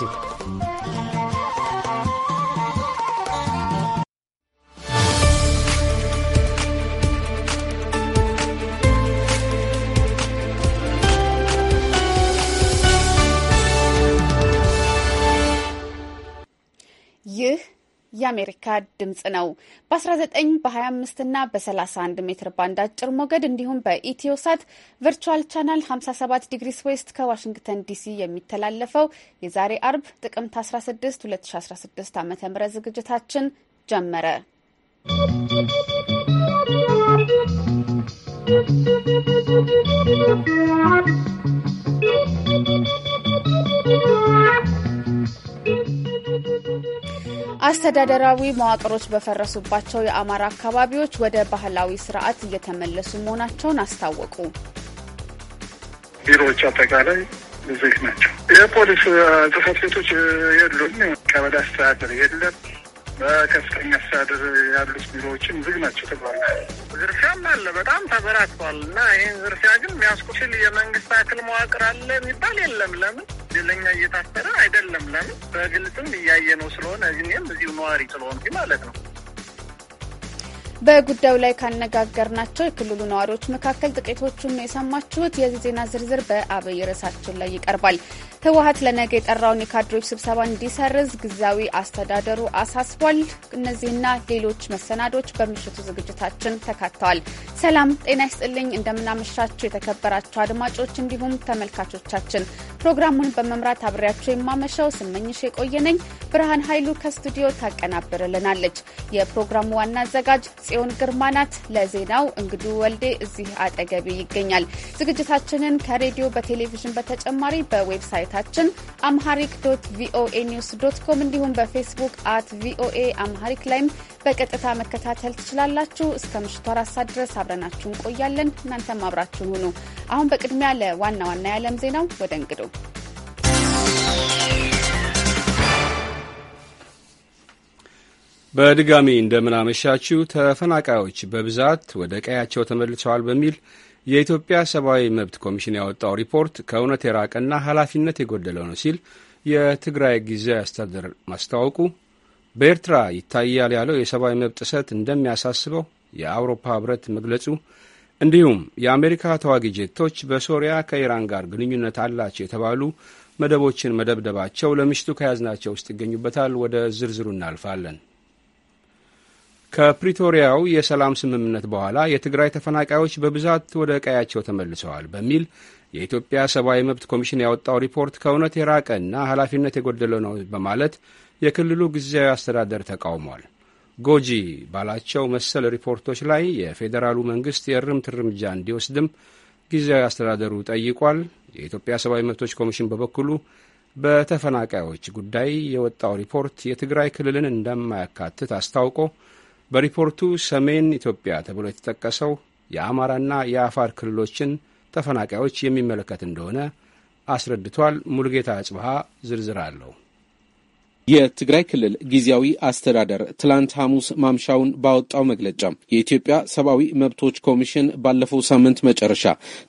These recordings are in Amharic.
Thank you. የአሜሪካ ድምጽ ነው። በ19 በ25 እና በ31 ሜትር ባንድ አጭር ሞገድ እንዲሁም በኢትዮሳት ቨርቹዋል ቻናል 57 ዲግሪስ ዌስት ከዋሽንግተን ዲሲ የሚተላለፈው የዛሬ አርብ ጥቅምት 16 2016 ዓ ም ዝግጅታችን ጀመረ። ¶¶ አስተዳደራዊ መዋቅሮች በፈረሱባቸው የአማራ አካባቢዎች ወደ ባህላዊ ስርዓት እየተመለሱ መሆናቸውን አስታወቁ። ቢሮዎች አጠቃላይ ዝግ ናቸው። የፖሊስ ጽሕፈት ቤቶች የሉም። ቀበሌ አስተዳደር የለም። በከፍተኛ አስተዳደር ያሉት ቢሮዎችም ዝግ ናቸው ተብሏል። ዝርፊያም አለ፣ በጣም ተበራክቷል። እና ይህን ዝርፊያ ግን የሚያስቆሽል የመንግስት አክል መዋቅር አለ የሚባል የለም። ለምን ለኛ እየታሰረ አይደለም? ለምን በግልጽም እያየ ነው ስለሆነ እኔም እዚሁ ነዋሪ ስለሆንኩ ማለት ነው በጉዳዩ ላይ ካነጋገርናቸው የክልሉ ነዋሪዎች መካከል ጥቂቶቹን ነው የሰማችሁት። የዚህ ዜና ዝርዝር በአብይ ርዕሳችን ላይ ይቀርባል። ህወሀት ለነገ የጠራውን የካድሬዎች ስብሰባ እንዲሰርዝ ጊዜያዊ አስተዳደሩ አሳስቧል። እነዚህና ሌሎች መሰናዶች በምሽቱ ዝግጅታችን ተካተዋል። ሰላም ጤና ይስጥልኝ። እንደምናመሻችሁ የተከበራችሁ አድማጮች እንዲሁም ተመልካቾቻችን ፕሮግራሙን በመምራት አብሬያቸው የማመሻው ስመኝሽ የቆየነኝ። ብርሃን ኃይሉ ከስቱዲዮ ታቀናብርልናለች። የፕሮግራሙ ዋና አዘጋጅ ጽዮን ግርማ ናት። ለዜናው እንግዱ ወልዴ እዚህ አጠገቤ ይገኛል። ዝግጅታችንን ከሬዲዮ በቴሌቪዥን በተጨማሪ በዌብሳይታችን አምሃሪክ ዶት ቪኦኤ ኒውስ ዶት ኮም እንዲሁም በፌስቡክ አት ቪኦኤ አምሃሪክ ላይም በቀጥታ መከታተል ትችላላችሁ። እስከ ምሽቱ አራት ሰዓት ድረስ አብረናችሁ እንቆያለን። እናንተም አብራችሁን ሁኑ። አሁን በቅድሚያ ለዋና ዋና የዓለም ዜናው ወደ እንግዱ በድጋሚ እንደምናመሻችው ተፈናቃዮች በብዛት ወደ ቀያቸው ተመልሰዋል በሚል የኢትዮጵያ ሰብአዊ መብት ኮሚሽን ያወጣው ሪፖርት ከእውነት የራቀና ኃላፊነት የጎደለው ነው ሲል የትግራይ ጊዜያዊ አስተዳደር ማስታወቁ፣ በኤርትራ ይታያል ያለው የሰብአዊ መብት ጥሰት እንደሚያሳስበው የአውሮፓ ህብረት መግለጹ፣ እንዲሁም የአሜሪካ ተዋጊ ጄቶች በሶሪያ ከኢራን ጋር ግንኙነት አላቸው የተባሉ መደቦችን መደብደባቸው ለምሽቱ ከያዝናቸው ውስጥ ይገኙበታል። ወደ ዝርዝሩ እናልፋለን። ከፕሪቶሪያው የሰላም ስምምነት በኋላ የትግራይ ተፈናቃዮች በብዛት ወደ ቀያቸው ተመልሰዋል በሚል የኢትዮጵያ ሰብአዊ መብት ኮሚሽን ያወጣው ሪፖርት ከእውነት የራቀና ኃላፊነት የጎደለው ነው በማለት የክልሉ ጊዜያዊ አስተዳደር ተቃውሟል። ጎጂ ባላቸው መሰል ሪፖርቶች ላይ የፌዴራሉ መንግስት የእርምት እርምጃ እንዲወስድም ጊዜያዊ አስተዳደሩ ጠይቋል። የኢትዮጵያ ሰብአዊ መብቶች ኮሚሽን በበኩሉ በተፈናቃዮች ጉዳይ የወጣው ሪፖርት የትግራይ ክልልን እንደማያካትት አስታውቆ በሪፖርቱ ሰሜን ኢትዮጵያ ተብሎ የተጠቀሰው የአማራና የአፋር ክልሎችን ተፈናቃዮች የሚመለከት እንደሆነ አስረድቷል። ሙልጌታ አጽብሃ ዝርዝር አለው። የትግራይ ክልል ጊዜያዊ አስተዳደር ትላንት ሐሙስ ማምሻውን ባወጣው መግለጫ የኢትዮጵያ ሰብአዊ መብቶች ኮሚሽን ባለፈው ሳምንት መጨረሻ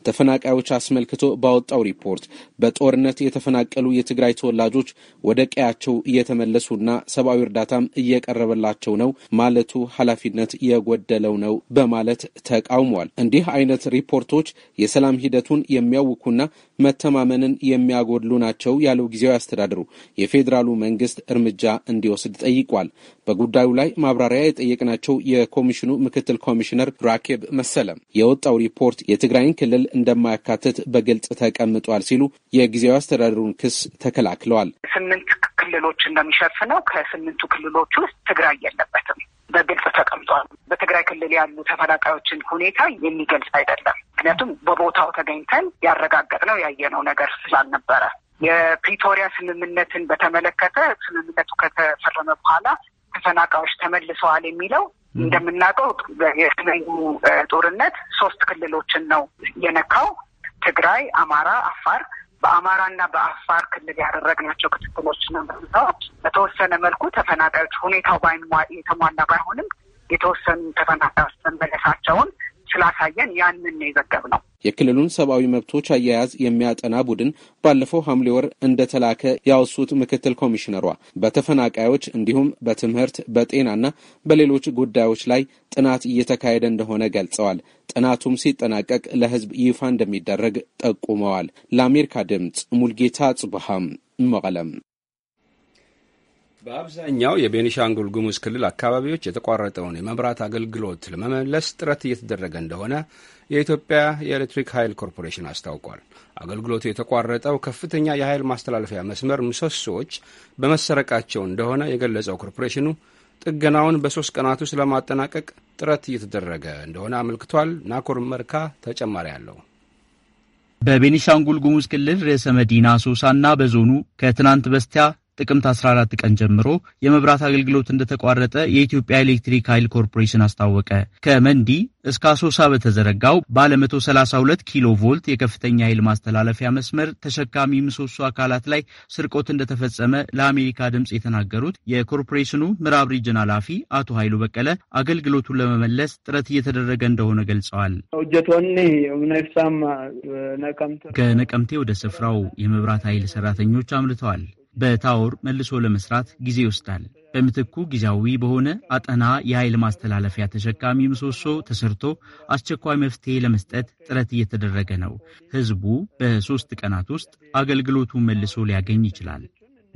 ተፈናቃዮች አስመልክቶ ባወጣው ሪፖርት በጦርነት የተፈናቀሉ የትግራይ ተወላጆች ወደ ቀያቸው እየተመለሱና ሰብአዊ እርዳታም እየቀረበላቸው ነው ማለቱ ኃላፊነት የጎደለው ነው በማለት ተቃውሟል። እንዲህ አይነት ሪፖርቶች የሰላም ሂደቱን የሚያውኩና መተማመንን የሚያጎድሉ ናቸው ያለው ጊዜያዊ አስተዳደሩ የፌዴራሉ መንግስት እርምጃ እንዲወስድ ጠይቋል። በጉዳዩ ላይ ማብራሪያ የጠየቅናቸው የኮሚሽኑ ምክትል ኮሚሽነር ራኬብ መሰለም የወጣው ሪፖርት የትግራይን ክልል እንደማያካትት በግልጽ ተቀምጧል ሲሉ የጊዜያዊ አስተዳደሩን ክስ ተከላክለዋል። ስምንት ክልሎች እንደሚሸፍነው ከስምንቱ ክልሎች ውስጥ ትግራይ የለበትም በግልጽ ተቀምጧል። በትግራይ ክልል ያሉ ተፈናቃዮችን ሁኔታ የሚገልጽ አይደለም። ምክንያቱም በቦታው ተገኝተን ያረጋገጥነው ያየነው ነገር ስላልነበረ የፕሪቶሪያ ስምምነትን በተመለከተ ስምምነቱ ከተፈረመ በኋላ ተፈናቃዮች ተመልሰዋል የሚለው እንደምናውቀው የሰሜኑ ጦርነት ሶስት ክልሎችን ነው የነካው፣ ትግራይ፣ አማራ፣ አፋር። በአማራና በአፋር ክልል ያደረግናቸው ክትትሎች ነው በተወሰነ መልኩ ተፈናቃዮች ሁኔታው የተሟላ ባይሆንም የተወሰኑ ተፈናቃዮች መመለሳቸውን ስላሳየን ያንን ነው የዘገብ ነው። የክልሉን ሰብአዊ መብቶች አያያዝ የሚያጠና ቡድን ባለፈው ሐምሌ ወር እንደተላከ ያወሱት ምክትል ኮሚሽነሯ በተፈናቃዮች እንዲሁም በትምህርት በጤናና በሌሎች ጉዳዮች ላይ ጥናት እየተካሄደ እንደሆነ ገልጸዋል። ጥናቱም ሲጠናቀቅ ለሕዝብ ይፋ እንደሚደረግ ጠቁመዋል። ለአሜሪካ ድምፅ ሙልጌታ ጽቡሃም መቀለም በአብዛኛው የቤኒሻንጉል ጉሙዝ ክልል አካባቢዎች የተቋረጠውን የመብራት አገልግሎት ለመመለስ ጥረት እየተደረገ እንደሆነ የኢትዮጵያ የኤሌክትሪክ ኃይል ኮርፖሬሽን አስታውቋል። አገልግሎቱ የተቋረጠው ከፍተኛ የኃይል ማስተላለፊያ መስመር ምሰሶዎች በመሰረቃቸው እንደሆነ የገለጸው ኮርፖሬሽኑ ጥገናውን በሶስት ቀናት ውስጥ ለማጠናቀቅ ጥረት እየተደረገ እንደሆነ አመልክቷል። ናኮር መርካ ተጨማሪ አለው። በቤኒሻንጉል ጉሙዝ ክልል ርዕሰ መዲና ሶሳና በዞኑ ከትናንት በስቲያ ጥቅምት 14 ቀን ጀምሮ የመብራት አገልግሎት እንደተቋረጠ የኢትዮጵያ ኤሌክትሪክ ኃይል ኮርፖሬሽን አስታወቀ። ከመንዲ እስከ አሶሳ በተዘረጋው ባለ 132 ኪሎ ቮልት የከፍተኛ ኃይል ማስተላለፊያ መስመር ተሸካሚ ምሰሶ አካላት ላይ ስርቆት እንደተፈጸመ ለአሜሪካ ድምፅ የተናገሩት የኮርፖሬሽኑ ምዕራብ ሪጅን ኃላፊ አቶ ኃይሉ በቀለ አገልግሎቱን ለመመለስ ጥረት እየተደረገ እንደሆነ ገልጸዋል። ከነቀምቴ ወደ ስፍራው የመብራት ኃይል ሰራተኞች አምልተዋል። በታወር መልሶ ለመስራት ጊዜ ይወስዳል። በምትኩ ጊዜያዊ በሆነ አጠና የኃይል ማስተላለፊያ ተሸካሚ ምሰሶ ተሰርቶ አስቸኳይ መፍትሄ ለመስጠት ጥረት እየተደረገ ነው። ህዝቡ በሦስት ቀናት ውስጥ አገልግሎቱ መልሶ ሊያገኝ ይችላል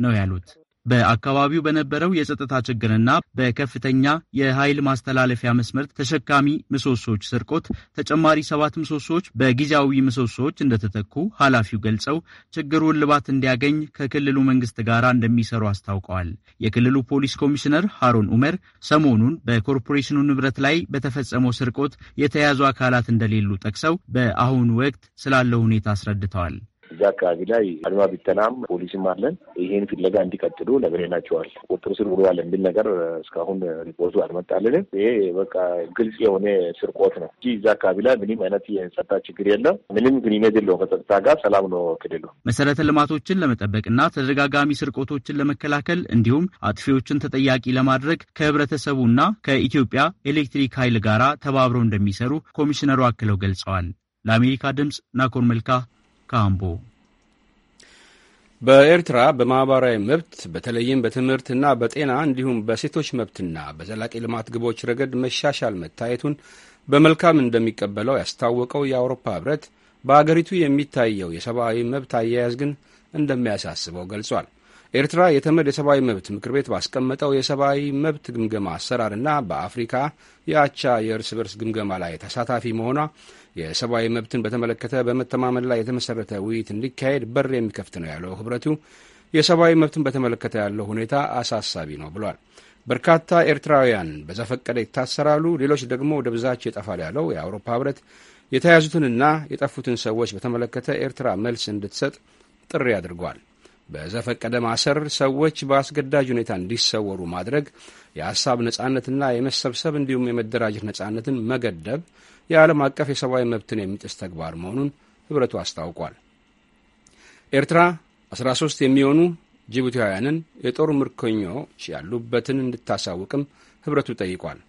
ነው ያሉት። በአካባቢው በነበረው የጸጥታ ችግርና በከፍተኛ የኃይል ማስተላለፊያ መስመር ተሸካሚ ምሰሶዎች ስርቆት ተጨማሪ ሰባት ምሰሶዎች በጊዜያዊ ምሰሶዎች እንደተተኩ ኃላፊው ገልጸው ችግሩን ልባት እንዲያገኝ ከክልሉ መንግስት ጋር እንደሚሰሩ አስታውቀዋል። የክልሉ ፖሊስ ኮሚሽነር ሐሮን ኡመር ሰሞኑን በኮርፖሬሽኑ ንብረት ላይ በተፈጸመው ስርቆት የተያዙ አካላት እንደሌሉ ጠቅሰው በአሁኑ ወቅት ስላለው ሁኔታ አስረድተዋል። እዛ አካባቢ ላይ አድማ ቢተናም ፖሊስም አለን። ይህን ፍለጋ እንዲቀጥሉ ነግሬናቸዋል። ቁጥር ስር ውለዋል የሚል ነገር እስካሁን ሪፖርቱ አልመጣልንም። ይሄ በቃ ግልጽ የሆነ ስርቆት ነው እንጂ እዛ አካባቢ ላይ ምንም አይነት የጸጥታ ችግር የለም። ምንም ግንኙነት የለውም ከጸጥታ ጋር። ሰላም ነው ክልሉ። መሰረተ ልማቶችን ለመጠበቅና ተደጋጋሚ ስርቆቶችን ለመከላከል እንዲሁም አጥፊዎችን ተጠያቂ ለማድረግ ከህብረተሰቡና ከኢትዮጵያ ኤሌክትሪክ ኃይል ጋራ ተባብረው እንደሚሰሩ ኮሚሽነሩ አክለው ገልጸዋል። ለአሜሪካ ድምፅ ናኮር መልካ ካምቦ በኤርትራ በማኅበራዊ መብት በተለይም በትምህርትና በጤና እንዲሁም በሴቶች መብትና በዘላቂ ልማት ግቦች ረገድ መሻሻል መታየቱን በመልካም እንደሚቀበለው ያስታወቀው የአውሮፓ ኅብረት በአገሪቱ የሚታየው የሰብአዊ መብት አያያዝ ግን እንደሚያሳስበው ገልጿል። ኤርትራ የተመድ የሰብአዊ መብት ምክር ቤት ባስቀመጠው የሰብአዊ መብት ግምገማ አሰራርና በአፍሪካ የአቻ የእርስ በርስ ግምገማ ላይ ተሳታፊ መሆኗ የሰብአዊ መብትን በተመለከተ በመተማመን ላይ የተመሰረተ ውይይት እንዲካሄድ በር የሚከፍት ነው ያለው ህብረቱ የሰብአዊ መብትን በተመለከተ ያለው ሁኔታ አሳሳቢ ነው ብሏል። በርካታ ኤርትራውያን በዘፈቀደ ይታሰራሉ፣ ሌሎች ደግሞ ደብዛቸው ይጠፋል ያለው የአውሮፓ ህብረት የተያዙትንና የጠፉትን ሰዎች በተመለከተ ኤርትራ መልስ እንድትሰጥ ጥሪ አድርጓል። በዘፈቀደ ማሰር፣ ሰዎች በአስገዳጅ ሁኔታ እንዲሰወሩ ማድረግ፣ የሐሳብ ነጻነትና የመሰብሰብ እንዲሁም የመደራጀት ነጻነትን መገደብ የዓለም አቀፍ የሰብአዊ መብትን የሚጥስ ተግባር መሆኑን ኅብረቱ አስታውቋል። ኤርትራ 13 የሚሆኑ ጅቡቲውያንን የጦር ምርኮኞች ያሉበትን እንድታሳውቅም ኅብረቱ ጠይቋል።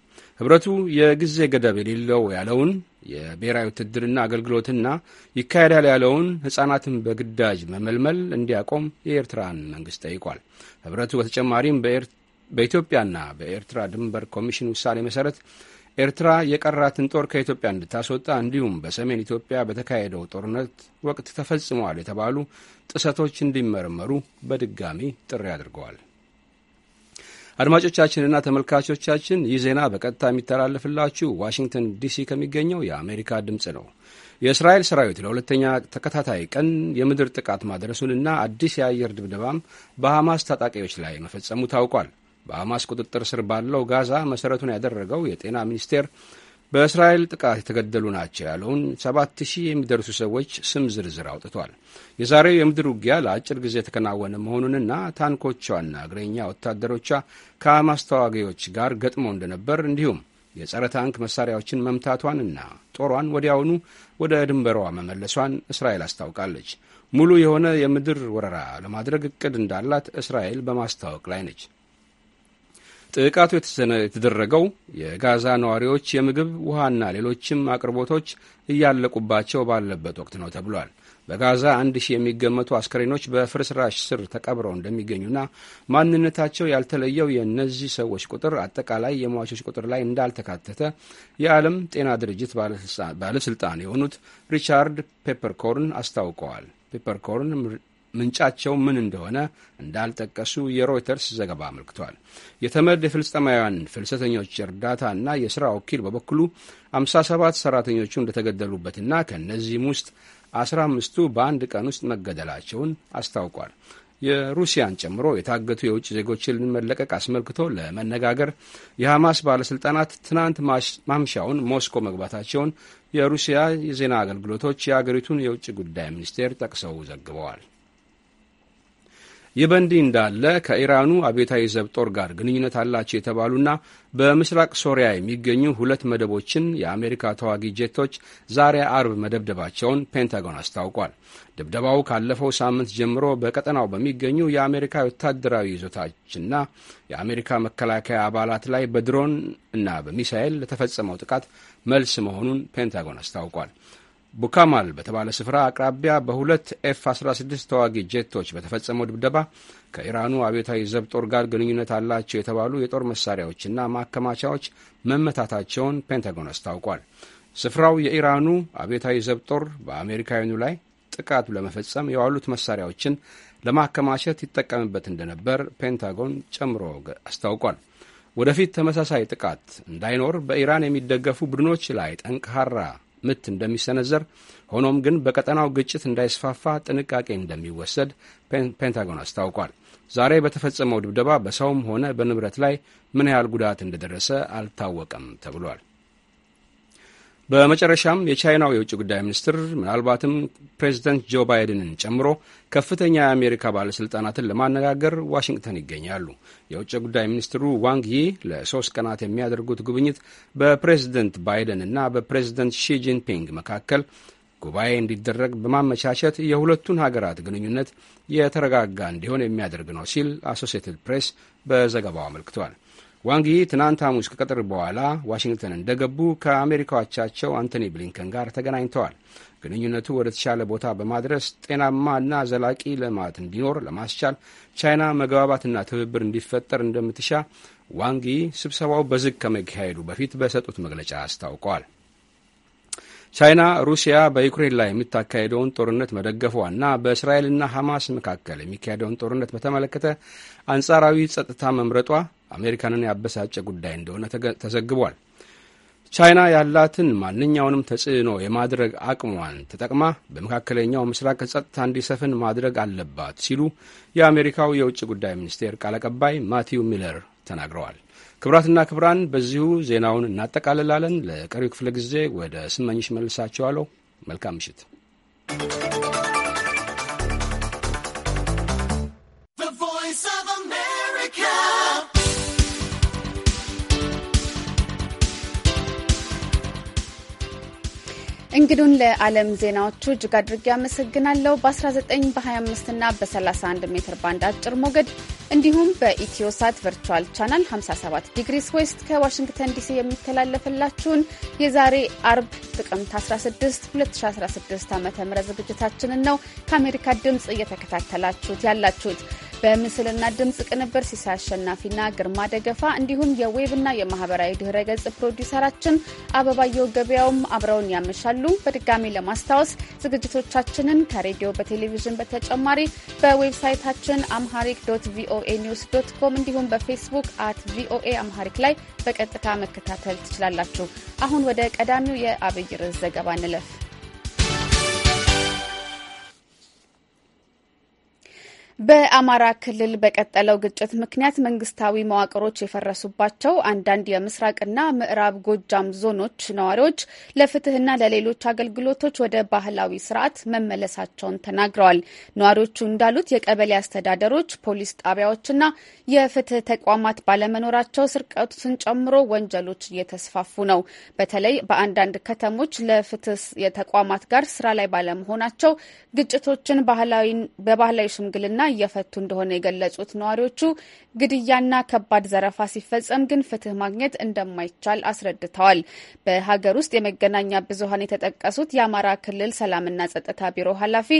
ኅብረቱ የጊዜ ገደብ የሌለው ያለውን የብሔራዊ ውትድርና አገልግሎትና ይካሄዳል ያለውን ሕጻናትን በግዳጅ መመልመል እንዲያቆም የኤርትራን መንግስት ጠይቋል። ህብረቱ በተጨማሪም በኢትዮጵያና በኤርትራ ድንበር ኮሚሽን ውሳኔ መሰረት ኤርትራ የቀራትን ጦር ከኢትዮጵያ እንድታስወጣ እንዲሁም በሰሜን ኢትዮጵያ በተካሄደው ጦርነት ወቅት ተፈጽመዋል የተባሉ ጥሰቶች እንዲመረመሩ በድጋሚ ጥሪ አድርገዋል። አድማጮቻችንና ተመልካቾቻችን ይህ ዜና በቀጥታ የሚተላለፍላችሁ ዋሽንግተን ዲሲ ከሚገኘው የአሜሪካ ድምፅ ነው። የእስራኤል ሰራዊት ለሁለተኛ ተከታታይ ቀን የምድር ጥቃት ማድረሱንና አዲስ የአየር ድብደባም በሐማስ ታጣቂዎች ላይ መፈጸሙ ታውቋል። በሐማስ ቁጥጥር ስር ባለው ጋዛ መሠረቱን ያደረገው የጤና ሚኒስቴር በእስራኤል ጥቃት የተገደሉ ናቸው ያለውን ሰባት ሺህ የሚደርሱ ሰዎች ስም ዝርዝር አውጥቷል። የዛሬው የምድር ውጊያ ለአጭር ጊዜ የተከናወነ መሆኑንና ታንኮቿና እግረኛ ወታደሮቿ ከሐማስ ተዋጊዎች ጋር ገጥመው እንደነበር እንዲሁም የጸረ ታንክ መሳሪያዎችን መምታቷንና ጦሯን ወዲያውኑ ወደ ድንበሯ መመለሷን እስራኤል አስታውቃለች። ሙሉ የሆነ የምድር ወረራ ለማድረግ እቅድ እንዳላት እስራኤል በማስታወቅ ላይ ነች። ጥቃቱ የተደረገው የጋዛ ነዋሪዎች የምግብ ውሃና ሌሎችም አቅርቦቶች እያለቁባቸው ባለበት ወቅት ነው ተብሏል። በጋዛ አንድ ሺህ የሚገመቱ አስከሬኖች በፍርስራሽ ስር ተቀብረው እንደሚገኙና ማንነታቸው ያልተለየው የእነዚህ ሰዎች ቁጥር አጠቃላይ የሟቾች ቁጥር ላይ እንዳልተካተተ የዓለም ጤና ድርጅት ባለስልጣን የሆኑት ሪቻርድ ፔፐርኮርን አስታውቀዋል። ፔፐርኮርን ምንጫቸው ምን እንደሆነ እንዳልጠቀሱ የሮይተርስ ዘገባ አመልክቷል። የተመድ የፍልስጤማውያን ፍልሰተኞች እርዳታና የሥራ ወኪል በበኩሉ 57 ሠራተኞቹ እንደተገደሉበትና ከእነዚህም ውስጥ 15ቱ በአንድ ቀን ውስጥ መገደላቸውን አስታውቋል። የሩሲያን ጨምሮ የታገቱ የውጭ ዜጎችን መለቀቅ አስመልክቶ ለመነጋገር የሐማስ ባለሥልጣናት ትናንት ማምሻውን ሞስኮ መግባታቸውን የሩሲያ የዜና አገልግሎቶች የአገሪቱን የውጭ ጉዳይ ሚኒስቴር ጠቅሰው ዘግበዋል። ይህ በእንዲህ እንዳለ ከኢራኑ አብዮታዊ ዘብ ጦር ጋር ግንኙነት አላቸው የተባሉና በምስራቅ ሶሪያ የሚገኙ ሁለት መደቦችን የአሜሪካ ተዋጊ ጄቶች ዛሬ አርብ መደብደባቸውን ፔንታጎን አስታውቋል። ድብደባው ካለፈው ሳምንት ጀምሮ በቀጠናው በሚገኙ የአሜሪካ ወታደራዊ ይዞታዎችና የአሜሪካ መከላከያ አባላት ላይ በድሮን እና በሚሳኤል ለተፈጸመው ጥቃት መልስ መሆኑን ፔንታጎን አስታውቋል። ቡካማል በተባለ ስፍራ አቅራቢያ በሁለት ኤፍ 16 ተዋጊ ጄቶች በተፈጸመው ድብደባ ከኢራኑ አብዮታዊ ዘብ ጦር ጋር ግንኙነት አላቸው የተባሉ የጦር መሳሪያዎችና ማከማቻዎች መመታታቸውን ፔንታጎን አስታውቋል። ስፍራው የኢራኑ አብዮታዊ ዘብ ጦር በአሜሪካውያኑ ላይ ጥቃቱ ለመፈጸም የዋሉት መሳሪያዎችን ለማከማቸት ይጠቀምበት እንደነበር ፔንታጎን ጨምሮ አስታውቋል። ወደፊት ተመሳሳይ ጥቃት እንዳይኖር በኢራን የሚደገፉ ቡድኖች ላይ ጠንካራ ምት እንደሚሰነዘር፣ ሆኖም ግን በቀጠናው ግጭት እንዳይስፋፋ ጥንቃቄ እንደሚወሰድ ፔንታጎን አስታውቋል። ዛሬ በተፈጸመው ድብደባ በሰውም ሆነ በንብረት ላይ ምን ያህል ጉዳት እንደደረሰ አልታወቀም ተብሏል። በመጨረሻም የቻይናው የውጭ ጉዳይ ሚኒስትር ምናልባትም ፕሬዚደንት ጆ ባይደንን ጨምሮ ከፍተኛ የአሜሪካ ባለሥልጣናትን ለማነጋገር ዋሽንግተን ይገኛሉ። የውጭ ጉዳይ ሚኒስትሩ ዋንግ ይ ለሶስት ቀናት የሚያደርጉት ጉብኝት በፕሬዚደንት ባይደን እና በፕሬዚደንት ሺ ጂንፒንግ መካከል ጉባኤ እንዲደረግ በማመቻቸት የሁለቱን ሀገራት ግንኙነት የተረጋጋ እንዲሆን የሚያደርግ ነው ሲል አሶሲየትድ ፕሬስ በዘገባው አመልክቷል። ዋንጊ ትናንት ሐሙስ ከቀጥር በኋላ ዋሽንግተን እንደገቡ ከአሜሪካዎቻቸው አንቶኒ ብሊንከን ጋር ተገናኝተዋል። ግንኙነቱ ወደ ተሻለ ቦታ በማድረስ ጤናማና ዘላቂ ልማት እንዲኖር ለማስቻል ቻይና መግባባትና ትብብር እንዲፈጠር እንደምትሻ ዋንጊ ስብሰባው በዝግ ከመካሄዱ በፊት በሰጡት መግለጫ አስታውቀዋል። ቻይና ሩሲያ በዩክሬን ላይ የምታካሄደውን ጦርነት መደገፏና በእስራኤልና ሐማስ መካከል የሚካሄደውን ጦርነት በተመለከተ አንጻራዊ ጸጥታ መምረጧ አሜሪካንን ያበሳጨ ጉዳይ እንደሆነ ተዘግቧል። ቻይና ያላትን ማንኛውንም ተጽዕኖ የማድረግ አቅሟን ተጠቅማ በመካከለኛው ምስራቅ ጸጥታ እንዲሰፍን ማድረግ አለባት ሲሉ የአሜሪካው የውጭ ጉዳይ ሚኒስቴር ቃል አቀባይ ማቲው ሚለር ተናግረዋል። ክብራትና ክብራን በዚሁ ዜናውን እናጠቃልላለን። ለቀሪው ክፍለ ጊዜ ወደ ስመኝሽ መልሳቸዋለሁ። መልካም ምሽት። እንግዱን ለዓለም ዜናዎቹ እጅግ አድርጌ አመሰግናለሁ። በ19 በ25 እና በ31 ሜትር ባንድ አጭር ሞገድ እንዲሁም በኢትዮሳት ቨርቹዋል ቻናል 57 ዲግሪስ ዌስት ከዋሽንግተን ዲሲ የሚተላለፍላችሁን የዛሬ አርብ ጥቅምት 16 2016 ዓ ም ዝግጅታችንን ነው ከአሜሪካ ድምፅ እየተከታተላችሁት ያላችሁት። በምስልና ድምፅ ቅንብር ሲሳይ አሸናፊና ግርማ ደገፋ እንዲሁም የዌብና የማህበራዊ ድህረ ገጽ ፕሮዲውሰራችን አበባየው ገበያውም አብረውን ያመሻሉ። በድጋሚ ለማስታወስ ዝግጅቶቻችንን ከሬዲዮ በቴሌቪዥን በተጨማሪ በዌብሳይታችን አምሃሪክ ዶት ቪኦኤ ኒውስ ዶት ኮም እንዲሁም በፌስቡክ አት ቪኦኤ አምሃሪክ ላይ በቀጥታ መከታተል ትችላላችሁ። አሁን ወደ ቀዳሚው የአብይ ርዕስ ዘገባ እንለፍ። በአማራ ክልል በቀጠለው ግጭት ምክንያት መንግስታዊ መዋቅሮች የፈረሱባቸው አንዳንድ የምስራቅና ምዕራብ ጎጃም ዞኖች ነዋሪዎች ለፍትህና ለሌሎች አገልግሎቶች ወደ ባህላዊ ስርዓት መመለሳቸውን ተናግረዋል። ነዋሪዎቹ እንዳሉት የቀበሌ አስተዳደሮች፣ ፖሊስ ጣቢያዎችና የፍትህ ተቋማት ባለመኖራቸው ስርቀቱን ጨምሮ ወንጀሎች እየተስፋፉ ነው። በተለይ በአንዳንድ ከተሞች ለፍትህ ተቋማት ጋር ስራ ላይ ባለመሆናቸው ግጭቶችን በባህላዊ ሽምግልና እየፈቱ እንደሆነ የገለጹት ነዋሪዎቹ ግድያና ከባድ ዘረፋ ሲፈጸም ግን ፍትህ ማግኘት እንደማይቻል አስረድተዋል። በሀገር ውስጥ የመገናኛ ብዙኃን የተጠቀሱት የአማራ ክልል ሰላምና ጸጥታ ቢሮ ኃላፊ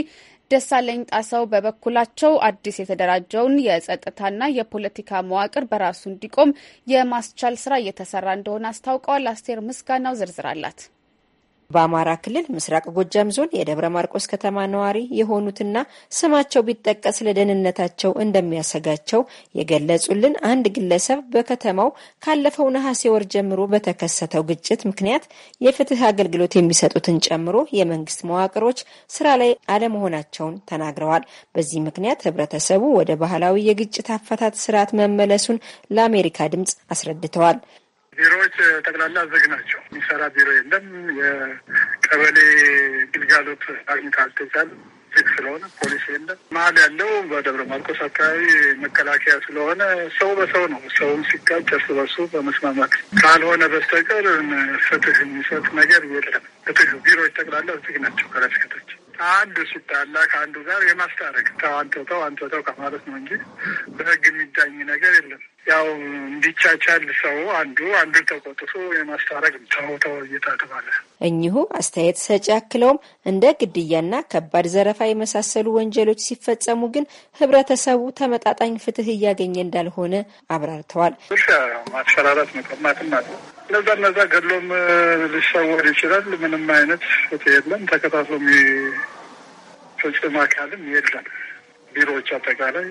ደሳለኝ ጣሰው በበኩላቸው አዲስ የተደራጀውን የጸጥታና የፖለቲካ መዋቅር በራሱ እንዲቆም የማስቻል ስራ እየተሰራ እንደሆነ አስታውቀዋል። አስቴር ምስጋናው ዝርዝር አላት። በአማራ ክልል ምስራቅ ጎጃም ዞን የደብረ ማርቆስ ከተማ ነዋሪ የሆኑትና ስማቸው ቢጠቀስ ለደህንነታቸው እንደሚያሰጋቸው የገለጹልን አንድ ግለሰብ በከተማው ካለፈው ነሐሴ ወር ጀምሮ በተከሰተው ግጭት ምክንያት የፍትህ አገልግሎት የሚሰጡትን ጨምሮ የመንግስት መዋቅሮች ስራ ላይ አለመሆናቸውን ተናግረዋል። በዚህ ምክንያት ህብረተሰቡ ወደ ባህላዊ የግጭት አፈታት ስርዓት መመለሱን ለአሜሪካ ድምፅ አስረድተዋል። ቢሮዎች ጠቅላላ ዝግ ናቸው። የሚሰራ ቢሮ የለም። የቀበሌ ግልጋሎት አግኝታ አልተቻል ዝግ ስለሆነ ፖሊስ የለም። መሀል ያለው በደብረ ማርቆስ አካባቢ መከላከያ ስለሆነ ሰው በሰው ነው። ሰውም ሲጋጭ እርስ በርሱ በመስማማት ካልሆነ በስተቀር ፍትህ የሚሰጥ ነገር የለም። ፍትህ ቢሮዎች ጠቅላላ ዝግ ናቸው። ከረስከቶች አንዱ ሲጣላ ከአንዱ ጋር የማስታረቅ ተው አንተ ተው አንተ ተው ከማለት ነው እንጂ በህግ የሚዳኝ ነገር የለም። ያው እንዲቻቻል ሰው አንዱ አንዱ ተቆጥቶ የማስታረቅ ተው ተው እኚሁ አስተያየት ሰጪ አክለውም እንደ ግድያና ከባድ ዘረፋ የመሳሰሉ ወንጀሎች ሲፈጸሙ ግን ህብረተሰቡ ተመጣጣኝ ፍትህ እያገኘ እንዳልሆነ አብራርተዋል። ማስፈራራት መቀማትም አለ እነዛ እነዛ ገድሎም ሊሰወር ይችላል። ምንም አይነት ፍትህ የለም። ተከታትሎ የሚፈጽም አካልም የለም። ቢሮዎች አጠቃላይ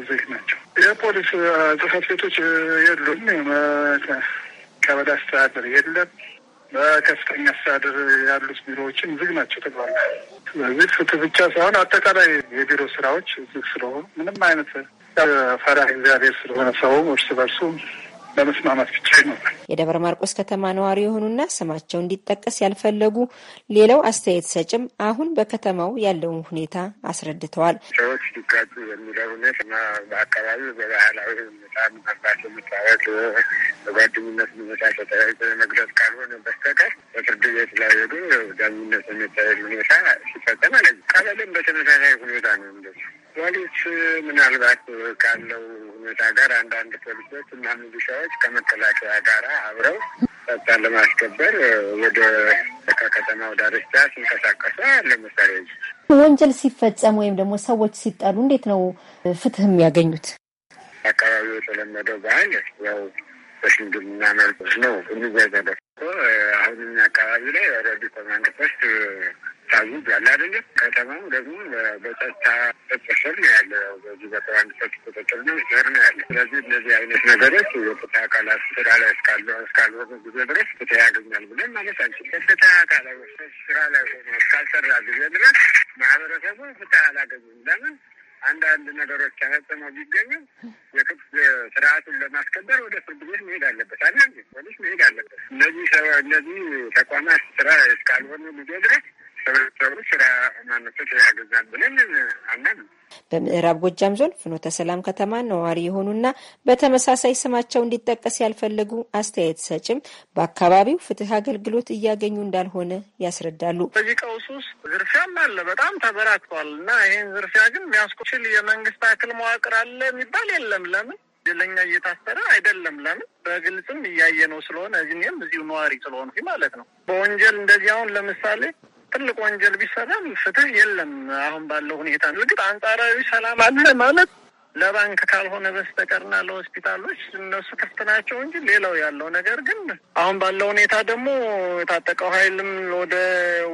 እዚህ ናቸው። የፖሊስ ጽህፈት ቤቶች የሉም። ከወደ አስተዳደር የለም። በከፍተኛ አስተዳደር ያሉት ቢሮዎችም ዝግ ናቸው ተግባለ። ስለዚህ ፍትህ ብቻ ሳይሆን አጠቃላይ የቢሮ ስራዎች ዝግ ስለሆኑ ምንም አይነት ፈሪሃ እግዚአብሔር ስለሆነ ሰው እርስ በርሱ ለመስማማት ብቻ ይኖራል። የደብረ ማርቆስ ከተማ ነዋሪ የሆኑና ስማቸው እንዲጠቀስ ያልፈለጉ ሌላው አስተያየት ሰጭም አሁን በከተማው ያለውን ሁኔታ አስረድተዋል። ሰዎች ሊጋጩ የሚለው ሁኔታ በአካባቢው በባህላዊ ሁኔታ መግባት የሚታወቅ በጓደኝነት መመሳሰጠ ተጠያይቶ መግለጽ ካልሆነ በስተቀር በፍርድ ቤት ላይ ሄዱ ዳኝነት የሚታየል ሁኔታ ሲፈጸም አለ ቀበሌም በተመሳሳይ ሁኔታ ነው እንደዚህ ፖሊስ ምናልባት ካለው ሁኔታ ጋር አንዳንድ ፖሊሶች እና ሚሊሻዎች ከመከላከያ ጋር አብረው ጸጥታን ለማስከበር ወደ ከከተማ ወደ አረስታ ሲንቀሳቀሱ አለ መሳሪያ ወንጀል ሲፈጸም ወይም ደግሞ ሰዎች ሲጠሉ እንዴት ነው ፍትህ የሚያገኙት? አካባቢው የተለመደው ባህል ያው በሽምግልና መልክ ነው እንዘዘለ አሁን አካባቢ ላይ ረዲ ኮማንድ ፖስት ታዩብ ያለ አይደለም። ከተማው ደግሞ በጸጥታ ስር ነው ያለ። በዚህ በሰብአዊ ቁጥጥር ነው ስር ነው ያለ። ስለዚህ እነዚህ አይነት ነገሮች የፍትህ አካላት ስራ ላይ እስካሉ እስካልሆኑ ጊዜ ድረስ ፍትህ ያገኛል ብለን ማለት አንችል። ፍትህ አካላት ስራ ላይ ሆኖ እስካልሰራ ጊዜ ድረስ ማህበረሰቡ ፍትህ አላገኙም። ለምን አንዳንድ ነገሮች ተፈጽመው ቢገኙ የክስ ስርዓቱን ለማስከበር ወደ ፍርድ ቤት መሄድ አለበት አለ ፖሊስ መሄድ አለበት። እነዚህ እነዚህ ተቋማት ስራ እስካልሆኑ ጊዜ ድረስ ህብረተሰቡ ስራ ማነሱ ያገዛል ብለን አናም በምዕራብ ጎጃም ዞን ፍኖተ ሰላም ከተማ ነዋሪ የሆኑና በተመሳሳይ ስማቸው እንዲጠቀስ ያልፈለጉ አስተያየት ሰጭም በአካባቢው ፍትህ አገልግሎት እያገኙ እንዳልሆነ ያስረዳሉ። በዚህ ቀውስ ውስጥ ዝርፊያም አለ፣ በጣም ተበራክቷል እና ይህን ዝርፊያ ግን የሚያስቆችል የመንግስት አክል መዋቅር አለ የሚባል የለም። ለምን ለኛ እየታሰረ አይደለም? ለምን በግልጽም እያየ ነው ስለሆነ እዚህም እዚሁ ነዋሪ ስለሆንኩ ማለት ነው። በወንጀል እንደዚህ አሁን ለምሳሌ ትልቅ ወንጀል ቢሰራም ፍትህ የለም አሁን ባለው ሁኔታ። እርግጥ አንጻራዊ ሰላም አለ ማለት ለባንክ ካልሆነ በስተቀርና ለሆስፒታሎች እነሱ ክፍት ናቸው እንጂ ሌላው ያለው ነገር ግን አሁን ባለው ሁኔታ ደግሞ የታጠቀው ኃይልም ወደ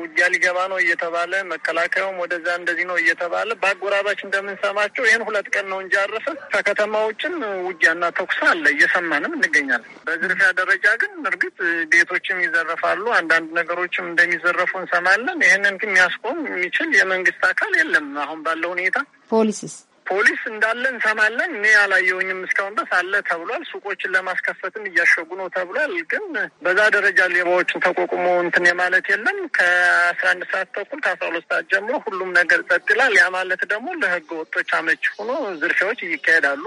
ውጊያ ሊገባ ነው እየተባለ መከላከያውም ወደዛ እንደዚህ ነው እየተባለ በአጎራባች እንደምንሰማቸው ይህን ሁለት ቀን ነው እንጂ አረፈ ከከተማ ውጭም ውጊያና ተኩስ አለ እየሰማንም እንገኛለን። በዝርፊያ ደረጃ ግን እርግጥ ቤቶችም ይዘረፋሉ፣ አንዳንድ ነገሮችም እንደሚዘረፉ እንሰማለን። ይህንን ግን የሚያስቆም የሚችል የመንግስት አካል የለም አሁን ባለው ሁኔታ ፖሊስስ ፖሊስ እንዳለ እንሰማለን። እኔ ያላየሁኝም እስካሁን ድረስ አለ ተብሏል። ሱቆችን ለማስከፈትም እያሸጉ ነው ተብሏል። ግን በዛ ደረጃ ሌባዎችን ተቋቁሞ እንትን የማለት የለም። ከአስራ አንድ ሰዓት ተኩል ከአስራ ሁለት ሰዓት ጀምሮ ሁሉም ነገር ጸጥ ይላል። ያ ማለት ደግሞ ለህገ ወጦች አመች ሆኖ ዝርፊያዎች ይካሄዳሉ።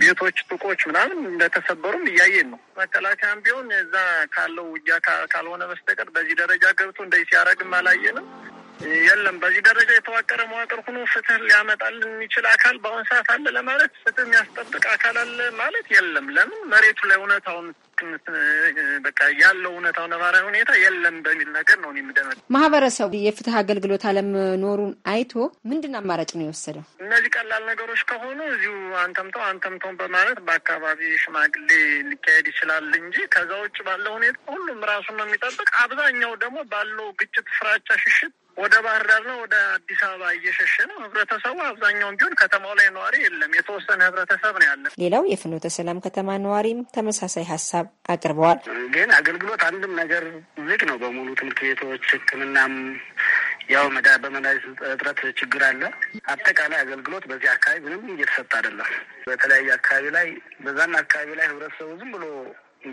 ቤቶች፣ ጡቆች ምናምን እንደተሰበሩም እያየን ነው። መከላከያም ቢሆን እዛ ካለው ውጊያ ካልሆነ በስተቀር በዚህ ደረጃ ገብቶ እንደዚህ ሲያደርግም አላየንም። የለም። በዚህ ደረጃ የተዋቀረ መዋቅር ሆኖ ፍትህ ሊያመጣል የሚችል አካል በአሁን ሰዓት አለ ለማለት ፍትህ የሚያስጠብቅ አካል አለ ማለት የለም። ለምን መሬቱ ላይ እውነታውን በቃ ያለው እውነታው ነባራዊ ሁኔታ የለም በሚል ነገር ነው የሚደመጥ ማህበረሰቡ የፍትህ አገልግሎት አለመኖሩን አይቶ ምንድን አማራጭ ነው የወሰደው? እነዚህ ቀላል ነገሮች ከሆኑ እዚሁ አንተምተው አንተምተውን በማለት በአካባቢ ሽማግሌ ሊካሄድ ይችላል እንጂ ከዛ ውጭ ባለው ሁኔታ ሁሉም ራሱን ነው የሚጠብቅ። አብዛኛው ደግሞ ባለው ግጭት፣ ፍራቻ፣ ሽሽት ወደ ባህር ዳር ነው ወደ አዲስ አበባ እየሸሸ ነው ህብረተሰቡ። አብዛኛውን ቢሆን ከተማው ላይ ነዋሪ የለም፣ የተወሰነ ህብረተሰብ ነው ያለ። ሌላው የፍኖተ ሰላም ከተማ ነዋሪም ተመሳሳይ ሀሳብ አቅርበዋል። ግን አገልግሎት አንድም ነገር ዝግ ነው በሙሉ ትምህርት ቤቶች፣ ህክምናም ያው መዳ በመድኃኒት እጥረት ችግር አለ። አጠቃላይ አገልግሎት በዚህ አካባቢ ምንም እየተሰጠ አይደለም። በተለያየ አካባቢ ላይ በዛን አካባቢ ላይ ህብረተሰቡ ዝም ብሎ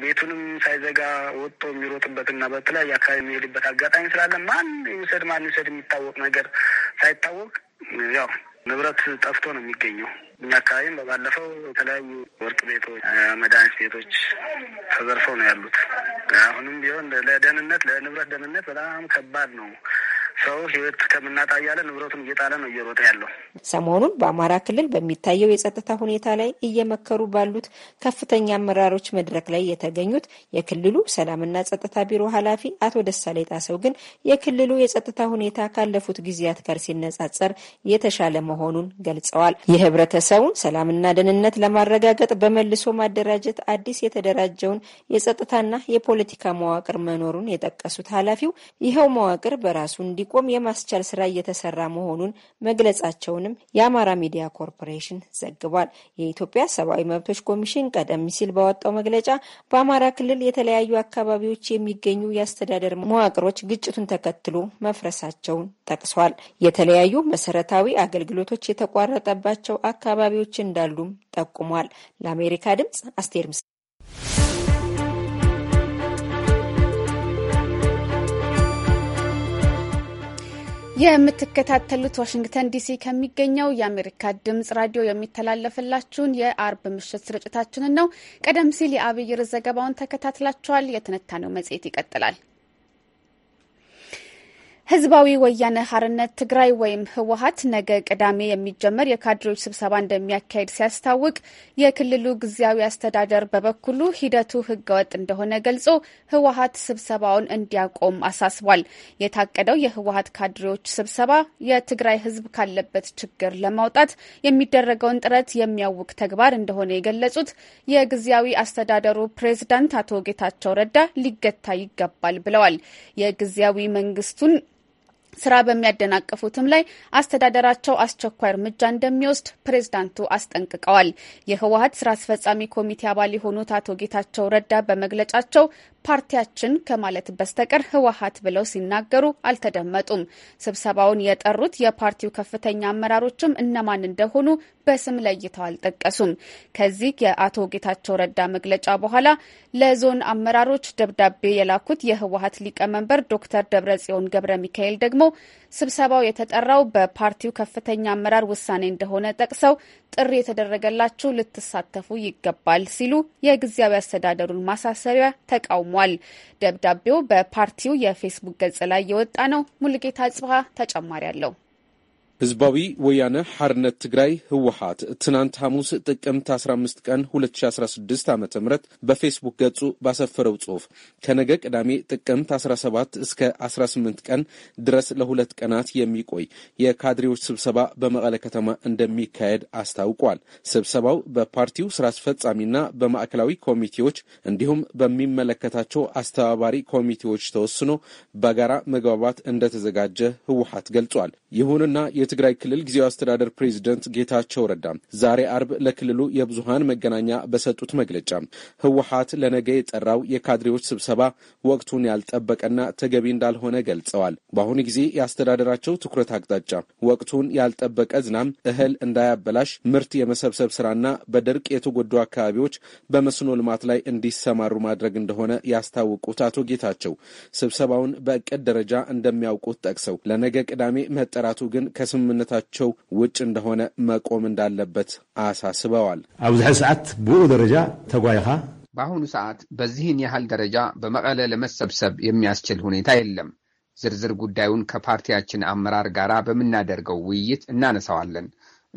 ቤቱንም ሳይዘጋ ወጥቶ የሚሮጥበትና በተለያየ አካባቢ የሚሄድበት አጋጣሚ ስላለ ማን ይውሰድ ማን ይውሰድ የሚታወቅ ነገር ሳይታወቅ ያው ንብረት ጠፍቶ ነው የሚገኘው። እኛ አካባቢም በባለፈው የተለያዩ ወርቅ ቤቶች፣ መድኃኒት ቤቶች ተዘርፈው ነው ያሉት። አሁንም ቢሆን ለደህንነት ለንብረት ደህንነት በጣም ከባድ ነው። ሰው ህይወት ከምናጣ እያለ ንብረቱን እየጣለ ነው እየሮጠ ያለው። ሰሞኑን በአማራ ክልል በሚታየው የጸጥታ ሁኔታ ላይ እየመከሩ ባሉት ከፍተኛ አመራሮች መድረክ ላይ የተገኙት የክልሉ ሰላምና ጸጥታ ቢሮ ኃላፊ አቶ ደሳለኝ ጣሰው ግን የክልሉ የጸጥታ ሁኔታ ካለፉት ጊዜያት ጋር ሲነጻጸር የተሻለ መሆኑን ገልጸዋል። የህብረተሰቡን ሰላምና ደህንነት ለማረጋገጥ በመልሶ ማደራጀት አዲስ የተደራጀውን የጸጥታና የፖለቲካ መዋቅር መኖሩን የጠቀሱት ኃላፊው ይኸው መዋቅር በራሱ እንዲ እንዲቆም የማስቻል ስራ እየተሰራ መሆኑን መግለጻቸውንም የአማራ ሚዲያ ኮርፖሬሽን ዘግቧል። የኢትዮጵያ ሰብአዊ መብቶች ኮሚሽን ቀደም ሲል ባወጣው መግለጫ በአማራ ክልል የተለያዩ አካባቢዎች የሚገኙ የአስተዳደር መዋቅሮች ግጭቱን ተከትሎ መፍረሳቸውን ጠቅሷል። የተለያዩ መሰረታዊ አገልግሎቶች የተቋረጠባቸው አካባቢዎች እንዳሉም ጠቁሟል። ለአሜሪካ ድምጽ አስቴር ምስ የምትከታተሉት ዋሽንግተን ዲሲ ከሚገኘው የአሜሪካ ድምጽ ራዲዮ የሚተላለፍላችሁን የአርብ ምሽት ስርጭታችንን ነው። ቀደም ሲል የአብይር ዘገባውን ተከታትላችኋል። የትንታኔው መጽሔት ይቀጥላል። ህዝባዊ ወያነ ሀርነት ትግራይ ወይም ህወሀት ነገ ቅዳሜ የሚጀመር የካድሬዎች ስብሰባ እንደሚያካሄድ ሲያስታውቅ የክልሉ ጊዜያዊ አስተዳደር በበኩሉ ሂደቱ ህገወጥ እንደሆነ ገልጾ ህወሀት ስብሰባውን እንዲያቆም አሳስቧል። የታቀደው የህወሀት ካድሬዎች ስብሰባ የትግራይ ህዝብ ካለበት ችግር ለማውጣት የሚደረገውን ጥረት የሚያውቅ ተግባር እንደሆነ የገለጹት የጊዜያዊ አስተዳደሩ ፕሬዝዳንት አቶ ጌታቸው ረዳ ሊገታ ይገባል ብለዋል። የጊዜያዊ መንግስቱን ስራ በሚያደናቅፉትም ላይ አስተዳደራቸው አስቸኳይ እርምጃ እንደሚወስድ ፕሬዝዳንቱ አስጠንቅቀዋል። የህወሀት ስራ አስፈጻሚ ኮሚቴ አባል የሆኑት አቶ ጌታቸው ረዳ በመግለጫቸው ፓርቲያችን ከማለት በስተቀር ህወሀት ብለው ሲናገሩ አልተደመጡም። ስብሰባውን የጠሩት የፓርቲው ከፍተኛ አመራሮችም እነማን እንደሆኑ በስም ለይተው አልጠቀሱም። ከዚህ የአቶ ጌታቸው ረዳ መግለጫ በኋላ ለዞን አመራሮች ደብዳቤ የላኩት የህወሀት ሊቀመንበር ዶክተር ደብረጽዮን ገብረ ሚካኤል ደግሞ ስብሰባው የተጠራው በፓርቲው ከፍተኛ አመራር ውሳኔ እንደሆነ ጠቅሰው ጥሪ የተደረገላችሁ ልትሳተፉ ይገባል ሲሉ የጊዜያዊ አስተዳደሩን ማሳሰቢያ ተቃውሟል። ደብዳቤው በፓርቲው የፌስቡክ ገጽ ላይ የወጣ ነው። ሙልጌታ ጽብሃ ተጨማሪ አለው። ህዝባዊ ወያነ ሐርነት ትግራይ ህወሓት ትናንት ሐሙስ ጥቅምት 15 ቀን 2016 ዓ ም በፌስቡክ ገጹ ባሰፈረው ጽሑፍ ከነገ ቅዳሜ ጥቅምት 17 እስከ 18 ቀን ድረስ ለሁለት ቀናት የሚቆይ የካድሬዎች ስብሰባ በመቀለ ከተማ እንደሚካሄድ አስታውቋል። ስብሰባው በፓርቲው ስራ አስፈጻሚና በማዕከላዊ ኮሚቴዎች እንዲሁም በሚመለከታቸው አስተባባሪ ኮሚቴዎች ተወስኖ በጋራ መግባባት እንደተዘጋጀ ህወሓት ገልጿል። ይሁንና የትግራይ ክልል ጊዜያዊ አስተዳደር ፕሬዚደንት ጌታቸው ረዳ ዛሬ አርብ ለክልሉ የብዙሃን መገናኛ በሰጡት መግለጫ ህወሀት ለነገ የጠራው የካድሬዎች ስብሰባ ወቅቱን ያልጠበቀና ተገቢ እንዳልሆነ ገልጸዋል። በአሁኑ ጊዜ የአስተዳደራቸው ትኩረት አቅጣጫ ወቅቱን ያልጠበቀ ዝናም እህል እንዳያበላሽ ምርት የመሰብሰብ ስራና በድርቅ የተጎዱ አካባቢዎች በመስኖ ልማት ላይ እንዲሰማሩ ማድረግ እንደሆነ ያስታወቁት አቶ ጌታቸው ስብሰባውን በእቅድ ደረጃ እንደሚያውቁት ጠቅሰው ለነገ ቅዳሜ መጠራቱ ግን ከስ ከስምምነታቸው ውጭ እንደሆነ መቆም እንዳለበት አሳስበዋል። ኣብዚ ሰዓት ብኡ ደረጃ ተጓይኻ በአሁኑ ሰዓት በዚህን ያህል ደረጃ በመቀለ ለመሰብሰብ የሚያስችል ሁኔታ የለም። ዝርዝር ጉዳዩን ከፓርቲያችን አመራር ጋር በምናደርገው ውይይት እናነሳዋለን።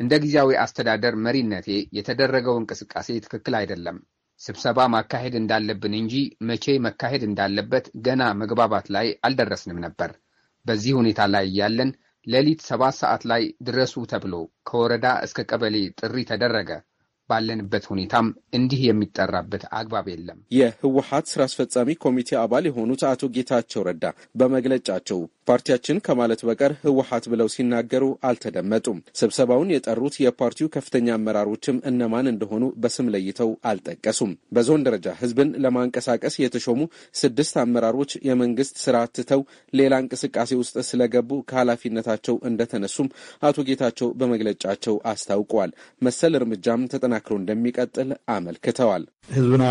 እንደ ጊዜያዊ አስተዳደር መሪነቴ የተደረገው እንቅስቃሴ ትክክል አይደለም። ስብሰባ ማካሄድ እንዳለብን እንጂ መቼ መካሄድ እንዳለበት ገና መግባባት ላይ አልደረስንም ነበር። በዚህ ሁኔታ ላይ እያለን ሌሊት ሰባት ሰዓት ላይ ድረሱ ተብሎ ከወረዳ እስከ ቀበሌ ጥሪ ተደረገ። ባለንበት ሁኔታም እንዲህ የሚጠራበት አግባብ የለም። የህወሀት ስራ አስፈጻሚ ኮሚቴ አባል የሆኑት አቶ ጌታቸው ረዳ በመግለጫቸው ፓርቲያችን ከማለት በቀር ህወሀት ብለው ሲናገሩ አልተደመጡም። ስብሰባውን የጠሩት የፓርቲው ከፍተኛ አመራሮችም እነማን እንደሆኑ በስም ለይተው አልጠቀሱም። በዞን ደረጃ ህዝብን ለማንቀሳቀስ የተሾሙ ስድስት አመራሮች የመንግስት ስራ ትተው ሌላ እንቅስቃሴ ውስጥ ስለገቡ ከኃላፊነታቸው እንደተነሱም አቶ ጌታቸው በመግለጫቸው አስታውቀዋል። መሰል እርምጃም ተጠናክሮ እንደሚቀጥል አመልክተዋል። ህዝብና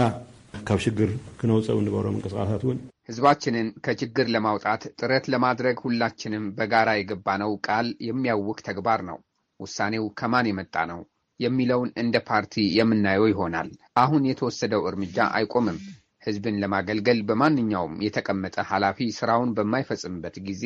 ካብ ሽግር ክነውፀው ንገብሮ ምንቅስቃሳት እውን ህዝባችንን ከችግር ለማውጣት ጥረት ለማድረግ ሁላችንም በጋራ የገባነው ቃል የሚያውቅ ተግባር ነው። ውሳኔው ከማን የመጣ ነው የሚለውን እንደ ፓርቲ የምናየው ይሆናል። አሁን የተወሰደው እርምጃ አይቆምም። ህዝብን ለማገልገል በማንኛውም የተቀመጠ ኃላፊ ስራውን በማይፈጽምበት ጊዜ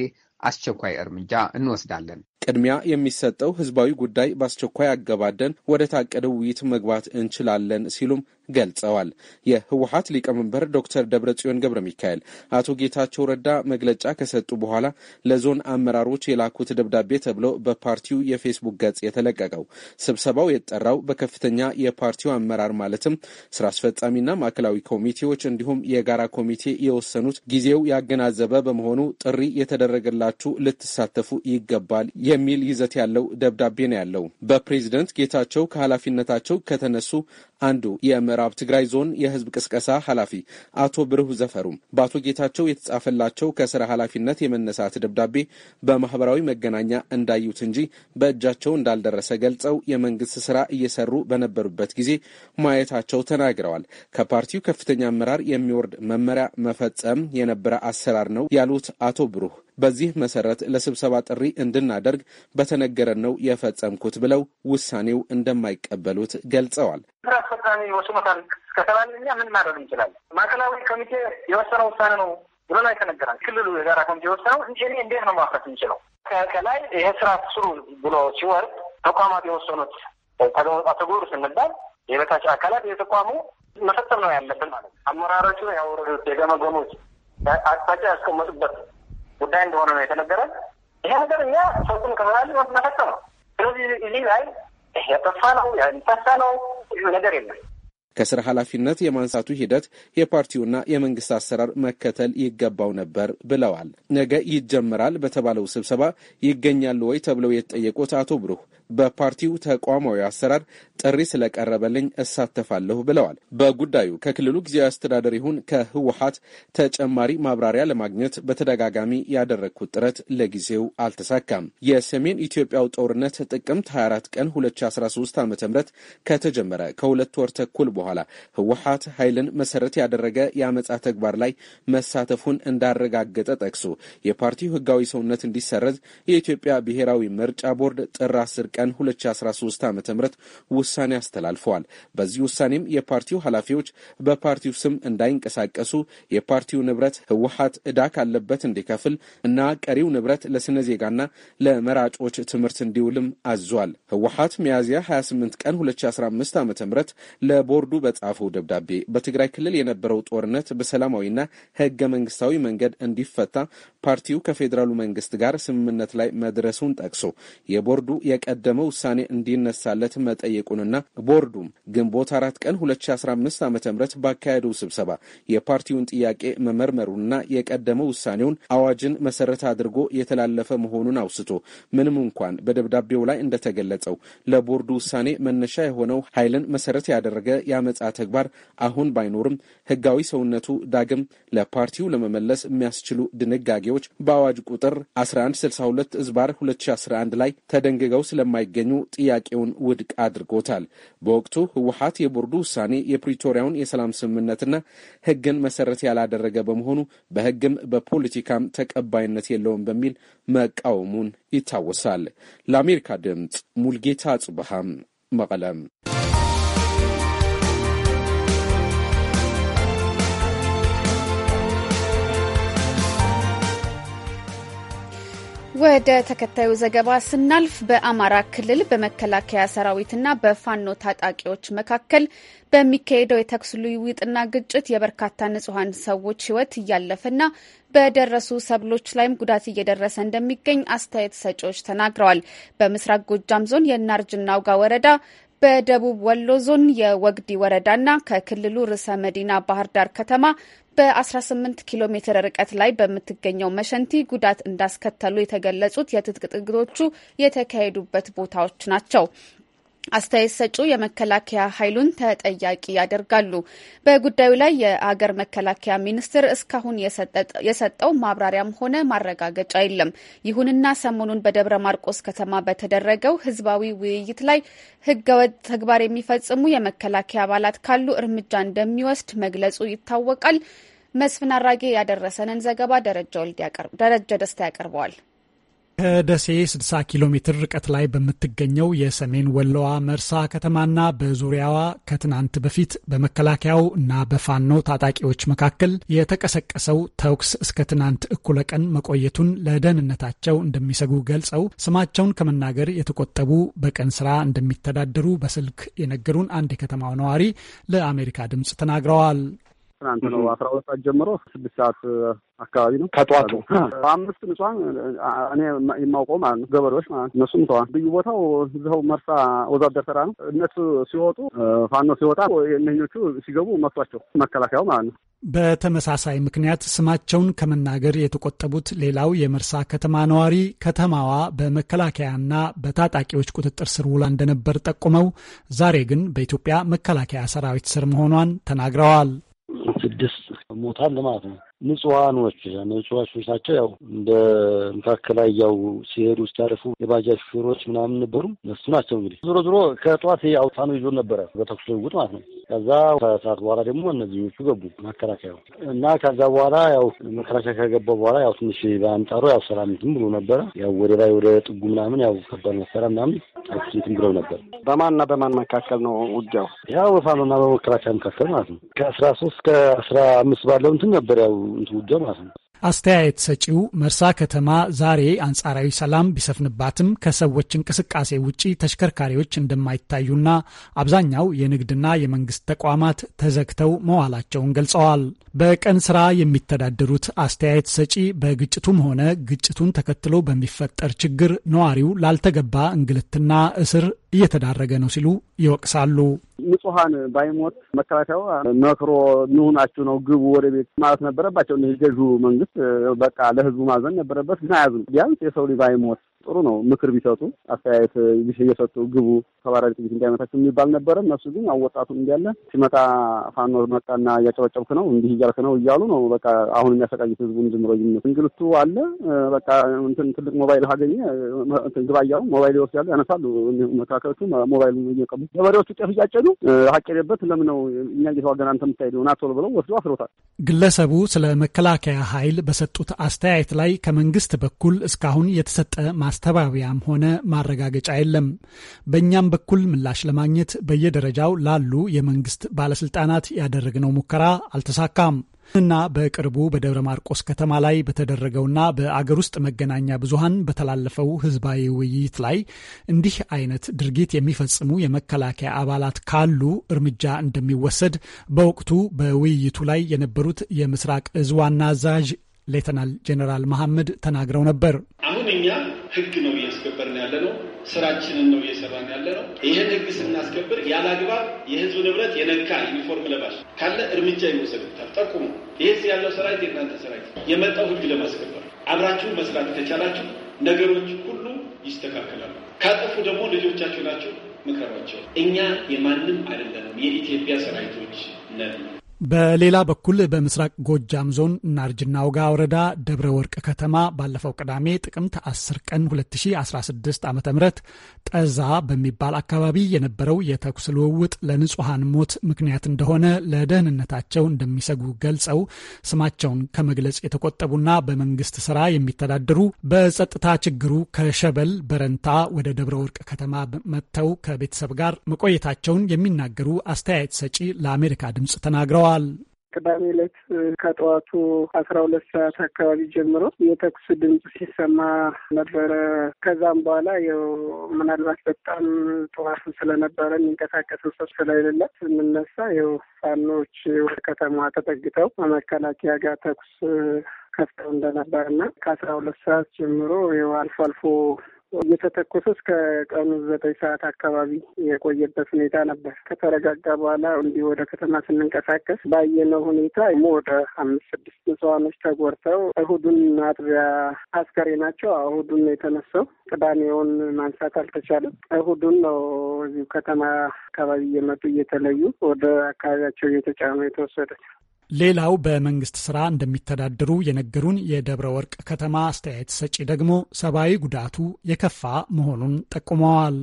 አስቸኳይ እርምጃ እንወስዳለን። ቅድሚያ የሚሰጠው ህዝባዊ ጉዳይ በአስቸኳይ አገባደን ወደ ታቀደው ውይይት መግባት እንችላለን ሲሉም ገልጸዋል። የህወሀት ሊቀመንበር ዶክተር ደብረጽዮን ገብረ ሚካኤል አቶ ጌታቸው ረዳ መግለጫ ከሰጡ በኋላ ለዞን አመራሮች የላኩት ደብዳቤ ተብሎ በፓርቲው የፌስቡክ ገጽ የተለቀቀው ስብሰባው የጠራው በከፍተኛ የፓርቲው አመራር ማለትም ስራ አስፈጻሚና ማዕከላዊ ኮሚቴዎች እንዲሁም የጋራ ኮሚቴ የወሰኑት ጊዜው ያገናዘበ በመሆኑ ጥሪ የተደረገላችሁ ልትሳተፉ ይገባል የሚል ይዘት ያለው ደብዳቤ ነው ያለው። በፕሬዚደንት ጌታቸው ከኃላፊነታቸው ከተነሱ አንዱ የምዕራብ ትግራይ ዞን የህዝብ ቅስቀሳ ኃላፊ አቶ ብርሁ ዘፈሩም በአቶ ጌታቸው የተጻፈላቸው ከስራ ኃላፊነት የመነሳት ደብዳቤ በማህበራዊ መገናኛ እንዳዩት እንጂ በእጃቸው እንዳልደረሰ ገልጸው የመንግስት ስራ እየሰሩ በነበሩበት ጊዜ ማየታቸው ተናግረዋል። ከፓርቲው ከፍተኛ አመራር የሚወርድ መመሪያ መፈጸም የነበረ አሰራር ነው ያሉት አቶ ብሩህ በዚህ መሰረት ለስብሰባ ጥሪ እንድናደርግ በተነገረን ነው የፈጸምኩት ብለው ውሳኔው እንደማይቀበሉት ገልጸዋል። ስራ አስፈጻሚ ወስኖታል ከተባልን እኛ ምን ማድረግ እንችላለን? ማዕከላዊ ኮሚቴ የወሰነ ውሳኔ ነው ብሎ ላይ ተነገራል። ክልሉ የጋራ ኮሚቴ የወሰነው እኔ እንዴት ነው ማፍረት የምችለው? ከላይ ይሄ ስራ ስሩ ብሎ ሲወርድ ተቋማት የወሰኑት ተግብሩ ስንባል የበታች አካላት የተቋሙ መፈጸም ነው ያለብን ማለት ነው። አመራሮቹ ያወረዱት የገመገሙት አቅጣጫ ያስቀመጡበት ጉዳይ እንደሆነ ነው የተነገረን። ይሄ ነገር እኛ ሰውን ከመላል መፈጠር ነው። ስለዚህ እዚህ ላይ የተፋ ነው ያልተሳ ነው ነገር የለም። ከስራ ኃላፊነት የማንሳቱ ሂደት የፓርቲውና የመንግስት አሰራር መከተል ይገባው ነበር ብለዋል። ነገ ይጀምራል በተባለው ስብሰባ ይገኛሉ ወይ ተብለው የተጠየቁት አቶ ብሩህ በፓርቲው ተቋማዊ አሰራር ጥሪ ስለቀረበልኝ እሳተፋለሁ ብለዋል። በጉዳዩ ከክልሉ ጊዜያዊ አስተዳደር ይሁን ከህወሀት ተጨማሪ ማብራሪያ ለማግኘት በተደጋጋሚ ያደረግኩት ጥረት ለጊዜው አልተሳካም። የሰሜን ኢትዮጵያው ጦርነት ጥቅምት 24 ቀን 2013 ዓ ም ከተጀመረ ከሁለት ወር ተኩል በኋላ ህወሀት ኃይልን መሰረት ያደረገ የአመፃ ተግባር ላይ መሳተፉን እንዳረጋገጠ ጠቅሶ የፓርቲው ህጋዊ ሰውነት እንዲሰረዝ የኢትዮጵያ ብሔራዊ ምርጫ ቦርድ ጥር 10 ቀን 2013 ዓ ም ውሳኔ አስተላልፈዋል። በዚህ ውሳኔም የፓርቲው ኃላፊዎች በፓርቲው ስም እንዳይንቀሳቀሱ፣ የፓርቲው ንብረት ህወሀት እዳ ካለበት እንዲከፍል እና ቀሪው ንብረት ለስነ ዜጋና ለመራጮች ትምህርት እንዲውልም አዟል። ህወሀት ሚያዝያ 28 ቀን 2015 ዓ ም ለቦርዱ በጻፈው ደብዳቤ በትግራይ ክልል የነበረው ጦርነት በሰላማዊና ህገ መንግስታዊ መንገድ እንዲፈታ ፓርቲው ከፌዴራሉ መንግስት ጋር ስምምነት ላይ መድረሱን ጠቅሶ የቦርዱ የቀደ የቀደመ ውሳኔ እንዲነሳለት መጠየቁንና ቦርዱም ግንቦት አራት ቀን 2015 ዓ ም ባካሄደው ስብሰባ የፓርቲውን ጥያቄ መመርመሩንና የቀደመ ውሳኔውን አዋጅን መሰረት አድርጎ የተላለፈ መሆኑን አውስቶ ምንም እንኳን በደብዳቤው ላይ እንደተገለጸው ለቦርዱ ውሳኔ መነሻ የሆነው ኃይልን መሰረት ያደረገ የአመፃ ተግባር አሁን ባይኖርም ህጋዊ ሰውነቱ ዳግም ለፓርቲው ለመመለስ የሚያስችሉ ድንጋጌዎች በአዋጅ ቁጥር 1162 ዝባር 2011 ላይ ተደንግገው ስለማ እንደማይገኙ ጥያቄውን ውድቅ አድርጎታል። በወቅቱ ህወሀት የቦርዱ ውሳኔ የፕሪቶሪያውን የሰላም ስምምነትና ህግን መሰረት ያላደረገ በመሆኑ በህግም በፖለቲካም ተቀባይነት የለውም በሚል መቃወሙን ይታወሳል። ለአሜሪካ ድምፅ ሙልጌታ ጽብሃም መቀለም ወደ ተከታዩ ዘገባ ስናልፍ በአማራ ክልል በመከላከያ ሰራዊትና በፋኖ ታጣቂዎች መካከል በሚካሄደው የተኩስ ልውውጥና ግጭት የበርካታ ንጹሐን ሰዎች ሕይወት እያለፈና በደረሱ ሰብሎች ላይም ጉዳት እየደረሰ እንደሚገኝ አስተያየት ሰጪዎች ተናግረዋል። በምስራቅ ጎጃም ዞን የእናርጅና አውጋ ወረዳ በደቡብ ወሎ ዞን የወግዲ ወረዳና ከክልሉ ርዕሰ መዲና ባህር ዳር ከተማ በ18 ኪሎ ሜትር ርቀት ላይ በምትገኘው መሸንቲ ጉዳት እንዳስከተሉ የተገለጹት የትጥቅ የተካሄዱበት ቦታዎች ናቸው። አስተያየት ሰጪ የመከላከያ ኃይሉን ተጠያቂ ያደርጋሉ። በጉዳዩ ላይ የአገር መከላከያ ሚኒስቴር እስካሁን የሰጠው ማብራሪያም ሆነ ማረጋገጫ የለም። ይሁንና ሰሞኑን በደብረ ማርቆስ ከተማ በተደረገው ሕዝባዊ ውይይት ላይ ሕገወጥ ተግባር የሚፈጽሙ የመከላከያ አባላት ካሉ እርምጃ እንደሚወስድ መግለጹ ይታወቃል። መስፍን አራጌ ያደረሰንን ዘገባ ደረጃ ደስታ ያቀርበዋል። ከደሴ 60 ኪሎ ሜትር ርቀት ላይ በምትገኘው የሰሜን ወሎዋ መርሳ ከተማና በዙሪያዋ ከትናንት በፊት በመከላከያው እና በፋኖ ታጣቂዎች መካከል የተቀሰቀሰው ተኩስ እስከ ትናንት እኩለ ቀን መቆየቱን ለደህንነታቸው እንደሚሰጉ ገልጸው ስማቸውን ከመናገር የተቆጠቡ በቀን ስራ እንደሚተዳደሩ በስልክ የነገሩን አንድ የከተማው ነዋሪ ለአሜሪካ ድምፅ ተናግረዋል። ትናንት ነው አስራ ሁለት ሰዓት ጀምሮ ስድስት ሰዓት አካባቢ ነው ከጠዋቱ አምስት ንጹሐን እኔ የማውቀው ማለት ነው ገበሬዎች ማለት ነው። እነሱም ተዋል ልዩ ቦታው እዚው መርሳ ወዛደር ተራ ነው። እነሱ ሲወጡ ፋኖ ሲወጣ እነኞቹ ሲገቡ መቷቸው መከላከያው ማለት ነው። በተመሳሳይ ምክንያት ስማቸውን ከመናገር የተቆጠቡት ሌላው የመርሳ ከተማ ነዋሪ ከተማዋ በመከላከያና በታጣቂዎች ቁጥጥር ስር ውላ እንደነበር ጠቁመው ዛሬ ግን በኢትዮጵያ መከላከያ ሰራዊት ስር መሆኗን ተናግረዋል። ስድስት ሞታል ማለት ነው። ንጹሐኖች ንጹሐን ናቸው። ያው እንደ መካከል ላይ ያው ሲሄዱ ሲያርፉ የባጃጅ ሹፌሮች ምናምን ነበሩ እነሱ ናቸው እንግዲህ ዞሮ ዞሮ ከጠዋት አውታኑ ይዞ ነበረ በተኩስ ልውውጥ ማለት ነው። ከዛ ከሰዓት በኋላ ደግሞ እነዚህዎቹ ገቡ መከላከያው እና ከዛ በኋላ ያው መከላከያ ከገባ በኋላ ያው ትንሽ በአንጻሩ ያው ሰላም እንትን ብሎ ነበረ። ያው ወደ ላይ ወደ ጥጉ ምናምን ያው ከባድ መሰራ ምናምን ተኩስ እንትን ብለው ነበር። በማንና በማን መካከል ነው ውጊያው? ያው በፋኖና በመከላከያ መካከል ማለት ነው። ከአስራ ሶስት ከአስራ አምስት ባለው እንትን ነበር ያው እንትን ማለት ነው። አስተያየት ሰጪው መርሳ ከተማ ዛሬ አንጻራዊ ሰላም ቢሰፍንባትም ከሰዎች እንቅስቃሴ ውጪ ተሽከርካሪዎች እንደማይታዩና አብዛኛው የንግድና የመንግስት ተቋማት ተዘግተው መዋላቸውን ገልጸዋል። በቀን ስራ የሚተዳደሩት አስተያየት ሰጪ በግጭቱም ሆነ ግጭቱን ተከትሎ በሚፈጠር ችግር ነዋሪው ላልተገባ እንግልትና እስር እየተዳረገ ነው ሲሉ ይወቅሳሉ። ንጹሐን ባይሞት መከላከያው መክሮ ንሁናችሁ ነው ግቡ ወደ ቤት ማለት ነበረባቸው። ገዢው መንግስት በቃ ለህዝቡ ማዘን ነበረበት፣ ግን አያዝኑ። ቢያንስ የሰው ልጅ ባይሞት ጥሩ ነው ምክር ቢሰጡ አስተያየት እየሰጡ ግቡ ተባራሪ ጥቂት እንዳይመታቸው የሚባል ነበረ። እነሱ ግን ያው ወጣቱ እንዲያለ ሲመጣ ፋኖ መጣና እያጨበጨብክ ነው እንዲህ እያልክ ነው እያሉ ነው በቃ አሁን የሚያሰቃዩት ህዝቡን ዝም ብሎ እንግልቱ አለ። በቃ እንትን ትልቅ ሞባይል ካገኘ ግባ እያሉ ሞባይል ይወስዳሉ፣ ያነሳሉ። መከላከዮቹ ሞባይሉ እየቀሙ ገበሬዎቹ ጤፍ እያጨዱ ሀቄቤበት ለምን ነው እኛ እየተዋገን አንተ የምታሄደው ናቶል ብለው ወስዶ አስሮታል። ግለሰቡ ስለ መከላከያ ኃይል በሰጡት አስተያየት ላይ ከመንግስት በኩል እስካሁን የተሰጠ ማስ ማስተባበያም ሆነ ማረጋገጫ የለም። በእኛም በኩል ምላሽ ለማግኘት በየደረጃው ላሉ የመንግስት ባለስልጣናት ያደረግነው ሙከራ አልተሳካም እና በቅርቡ በደብረ ማርቆስ ከተማ ላይ በተደረገውና በአገር ውስጥ መገናኛ ብዙሃን በተላለፈው ህዝባዊ ውይይት ላይ እንዲህ አይነት ድርጊት የሚፈጽሙ የመከላከያ አባላት ካሉ እርምጃ እንደሚወሰድ በወቅቱ በውይይቱ ላይ የነበሩት የምስራቅ እዝ ዋና አዛዥ ሌተናል ጄኔራል መሐመድ ተናግረው ነበር። አሁን እኛ ህግ ነው እያስከበርን ያለ ነው። ስራችንን ነው እየሰራን ያለ ነው። ይህን ህግ ስናስከብር ያለ አግባብ የህዝብ ንብረት የነካ ዩኒፎርም ለባሽ ካለ እርምጃ ይወሰድበታል። ጠቁሙ። ይህ ያለው ሰራዊት የእናንተ ሰራዊት የመጣው ህግ ለማስከበር አብራችሁ መስራት ከቻላችሁ ነገሮች ሁሉ ይስተካከላሉ። ካጠፉ ደግሞ ልጆቻችሁ ናቸው፣ ምክረባቸው እኛ የማንም አይደለንም፣ የኢትዮጵያ ሰራዊቶች ነን። በሌላ በኩል በምስራቅ ጎጃም ዞን ናርጅና ውጋ ወረዳ ደብረ ወርቅ ከተማ ባለፈው ቅዳሜ ጥቅምት 10 ቀን 2016 ዓ ም ጠዛ በሚባል አካባቢ የነበረው የተኩስ ልውውጥ ለንጹሐን ሞት ምክንያት እንደሆነ ለደህንነታቸው እንደሚሰጉ ገልጸው ስማቸውን ከመግለጽ የተቆጠቡና በመንግስት ስራ የሚተዳደሩ በጸጥታ ችግሩ ከሸበል በረንታ ወደ ደብረ ወርቅ ከተማ መጥተው ከቤተሰብ ጋር መቆየታቸውን የሚናገሩ አስተያየት ሰጪ ለአሜሪካ ድምፅ ተናግረዋል። ገልጸዋል። ቅዳሜ ዕለት ከጠዋቱ አስራ ሁለት ሰዓት አካባቢ ጀምሮ የተኩስ ድምፅ ሲሰማ ነበረ። ከዛም በኋላ ያው ምናልባት በጣም ጠዋቱ ስለነበረ የሚንቀሳቀሰው ሰው ስለሌለ ስንነሳ ያው ፋኖች ወደ ከተማዋ ተጠግተው ከመከላከያ ጋር ተኩስ ከፍተው እንደነበር እንደነበርና ከአስራ ሁለት ሰዓት ጀምሮ ያው አልፎ አልፎ እየተተኮሰ እስከ ቀኑ ዘጠኝ ሰዓት አካባቢ የቆየበት ሁኔታ ነበር። ከተረጋጋ በኋላ እንዲህ ወደ ከተማ ስንንቀሳቀስ ባየነው ሁኔታ ወደ አምስት ስድስት ንጹሃኖች ተጎድተው እሁዱን ማጥቢያ አስከሬ ናቸው። እሁዱን የተነሳው ቅዳሜውን ማንሳት አልተቻለም። እሁዱን ነው እዚሁ ከተማ አካባቢ እየመጡ እየተለዩ ወደ አካባቢያቸው እየተጫኑ የተወሰደች ሌላው በመንግስት ስራ እንደሚተዳደሩ የነገሩን የደብረ ወርቅ ከተማ አስተያየት ሰጪ ደግሞ ሰብአዊ ጉዳቱ የከፋ መሆኑን ጠቁመዋል።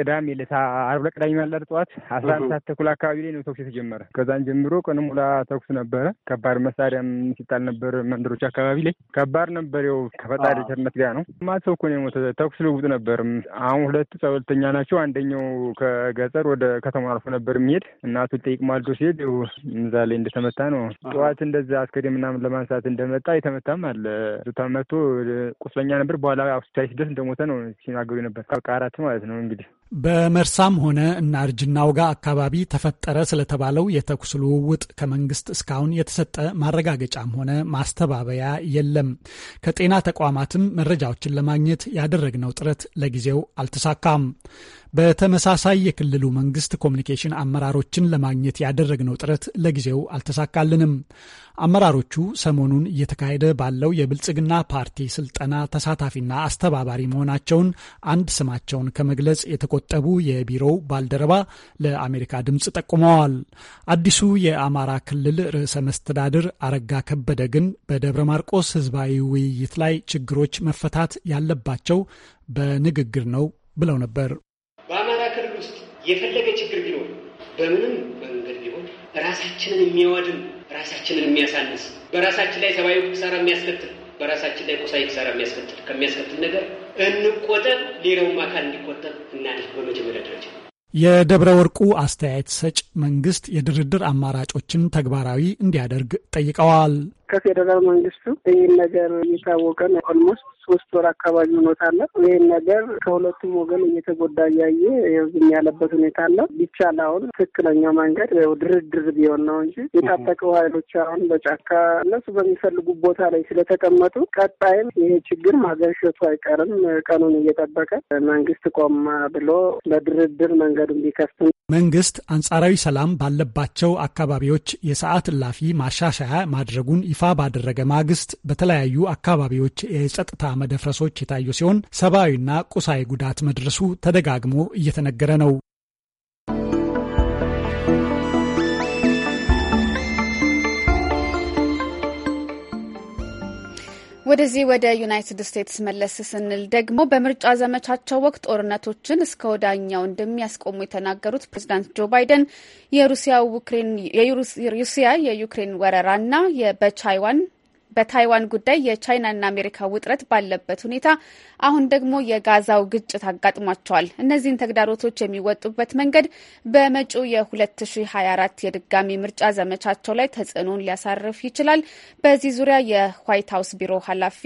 ቅዳሜ ለታ አርብ ለቅዳሜ ማለዳ ጠዋት አስራ አንድ ሰዓት ተኩል አካባቢ ላይ ነው ተኩስ የተጀመረ። ከዛን ጀምሮ ቀን ሙላ ተኩስ ነበረ። ከባድ መሳሪያም ሲጣል ነበር መንደሮች አካባቢ ላይ ከባድ ነበር። ያው ከፈጣሪ ቸርነት ጋር ነው ማት ሰው እኮ ነው የሞተ። ተኩስ ልውውጥ ነበር። አሁን ሁለቱ ጸበልተኛ ናቸው። አንደኛው ከገጠር ወደ ከተማ አልፎ ነበር የሚሄድ እናቱ ጠይቅ ማልዶ ሲሄድ እዛ ላይ እንደተመታ ነው። ጠዋት እንደዛ አስከሬን ምናምን ለማንሳት እንደመጣ የተመታም አለ ታመቶ ቁስለኛ ነበር። በኋላ ሆስፒታል ሲደርስ እንደሞተ ነው ሲናገሩ ነበር። አራቱ ማለት ነው እንግዲህ በመርሳም ሆነ እናርጅ እናውጋ አካባቢ ተፈጠረ ስለተባለው የተኩስ ልውውጥ ከመንግስት እስካሁን የተሰጠ ማረጋገጫም ሆነ ማስተባበያ የለም። ከጤና ተቋማትም መረጃዎችን ለማግኘት ያደረግነው ጥረት ለጊዜው አልተሳካም። በተመሳሳይ የክልሉ መንግስት ኮሚኒኬሽን አመራሮችን ለማግኘት ያደረግነው ጥረት ለጊዜው አልተሳካልንም። አመራሮቹ ሰሞኑን እየተካሄደ ባለው የብልጽግና ፓርቲ ስልጠና ተሳታፊና አስተባባሪ መሆናቸውን አንድ ስማቸውን ከመግለጽ የተቆጠቡ የቢሮው ባልደረባ ለአሜሪካ ድምፅ ጠቁመዋል። አዲሱ የአማራ ክልል ርዕሰ መስተዳድር አረጋ ከበደ ግን በደብረ ማርቆስ ህዝባዊ ውይይት ላይ ችግሮች መፈታት ያለባቸው በንግግር ነው ብለው ነበር። የፈለገ ችግር ቢኖር በምንም መንገድ ቢሆን ራሳችንን የሚያዋድን ራሳችንን የሚያሳንስ በራሳችን ላይ ሰብአዊ ክሳራ የሚያስከትል በራሳችን ላይ ቁሳዊ ክሳራ የሚያስከትል ከሚያስከትል ነገር እንቆጠብ፣ ሌላውም አካል እንዲቆጠብ እናድርግ። በመጀመሪያ ደረጃ የደብረ ወርቁ አስተያየት ሰጭ መንግስት የድርድር አማራጮችን ተግባራዊ እንዲያደርግ ጠይቀዋል። ከፌደራል መንግስቱ ይህን ነገር እየታወቀ ነው ኦልሞስት ሶስት ወር አካባቢ ሆኖታል። ይህን ነገር ከሁለቱም ወገን እየተጎዳ እያየ ዝም ያለበት ሁኔታ አለ። ቢቻል አሁን ትክክለኛው መንገድ ድርድር ቢሆን ነው እንጂ የታጠቀው ኃይሎች አሁን በጫካ እነሱ በሚፈልጉ ቦታ ላይ ስለተቀመጡ ቀጣይም ይሄ ችግር ማገርሸቱ አይቀርም። ቀኑን እየጠበቀ መንግስት ቆም ብሎ ለድርድር መንገዱን ቢከፍት መንግስት አንጻራዊ ሰላም ባለባቸው አካባቢዎች የሰዓት እላፊ ማሻሻያ ማድረጉን ይፋ ባደረገ ማግስት በተለያዩ አካባቢዎች የጸጥታ መደፍረሶች የታዩ ሲሆን ሰብአዊና ቁሳዊ ጉዳት መድረሱ ተደጋግሞ እየተነገረ ነው። ወደዚህ ወደ ዩናይትድ ስቴትስ መለስ ስንል ደግሞ በምርጫ ዘመቻቸው ወቅት ጦርነቶችን እስከ ወዳኛው እንደሚያስቆሙ የተናገሩት ፕሬዚዳንት ጆ ባይደን የሩሲያ የዩክሬን ወረራና በቻይዋን በታይዋን ጉዳይ የቻይናና አሜሪካ ውጥረት ባለበት ሁኔታ አሁን ደግሞ የጋዛው ግጭት አጋጥሟቸዋል። እነዚህን ተግዳሮቶች የሚወጡበት መንገድ በመጪው የ2024 የድጋሚ ምርጫ ዘመቻቸው ላይ ተጽዕኖን ሊያሳርፍ ይችላል። በዚህ ዙሪያ የዋይት ሀውስ ቢሮ ኃላፊ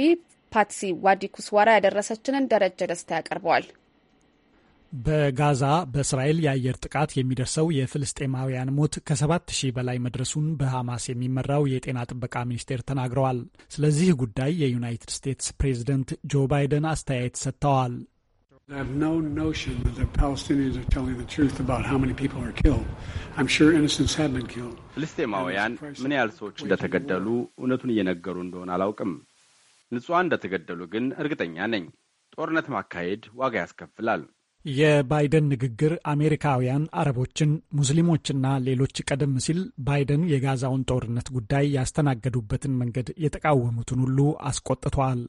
ፓትሲ ዋዲኩስዋራ ያደረሰችንን ደረጀ ደስታ ያቀርበዋል። በጋዛ በእስራኤል የአየር ጥቃት የሚደርሰው የፍልስጤማውያን ሞት ከሰባት ሺህ በላይ መድረሱን በሐማስ የሚመራው የጤና ጥበቃ ሚኒስቴር ተናግረዋል። ስለዚህ ጉዳይ የዩናይትድ ስቴትስ ፕሬዝደንት ጆ ባይደን አስተያየት ሰጥተዋል። ፍልስጤማውያን ምን ያህል ሰዎች እንደተገደሉ እውነቱን እየነገሩ እንደሆነ አላውቅም። ንጹሐን እንደተገደሉ ግን እርግጠኛ ነኝ። ጦርነት ማካሄድ ዋጋ ያስከፍላል። የባይደን ንግግር አሜሪካውያን አረቦችን፣ ሙስሊሞችና ሌሎች ቀደም ሲል ባይደን የጋዛውን ጦርነት ጉዳይ ያስተናገዱበትን መንገድ የተቃወሙትን ሁሉ አስቆጥተዋል።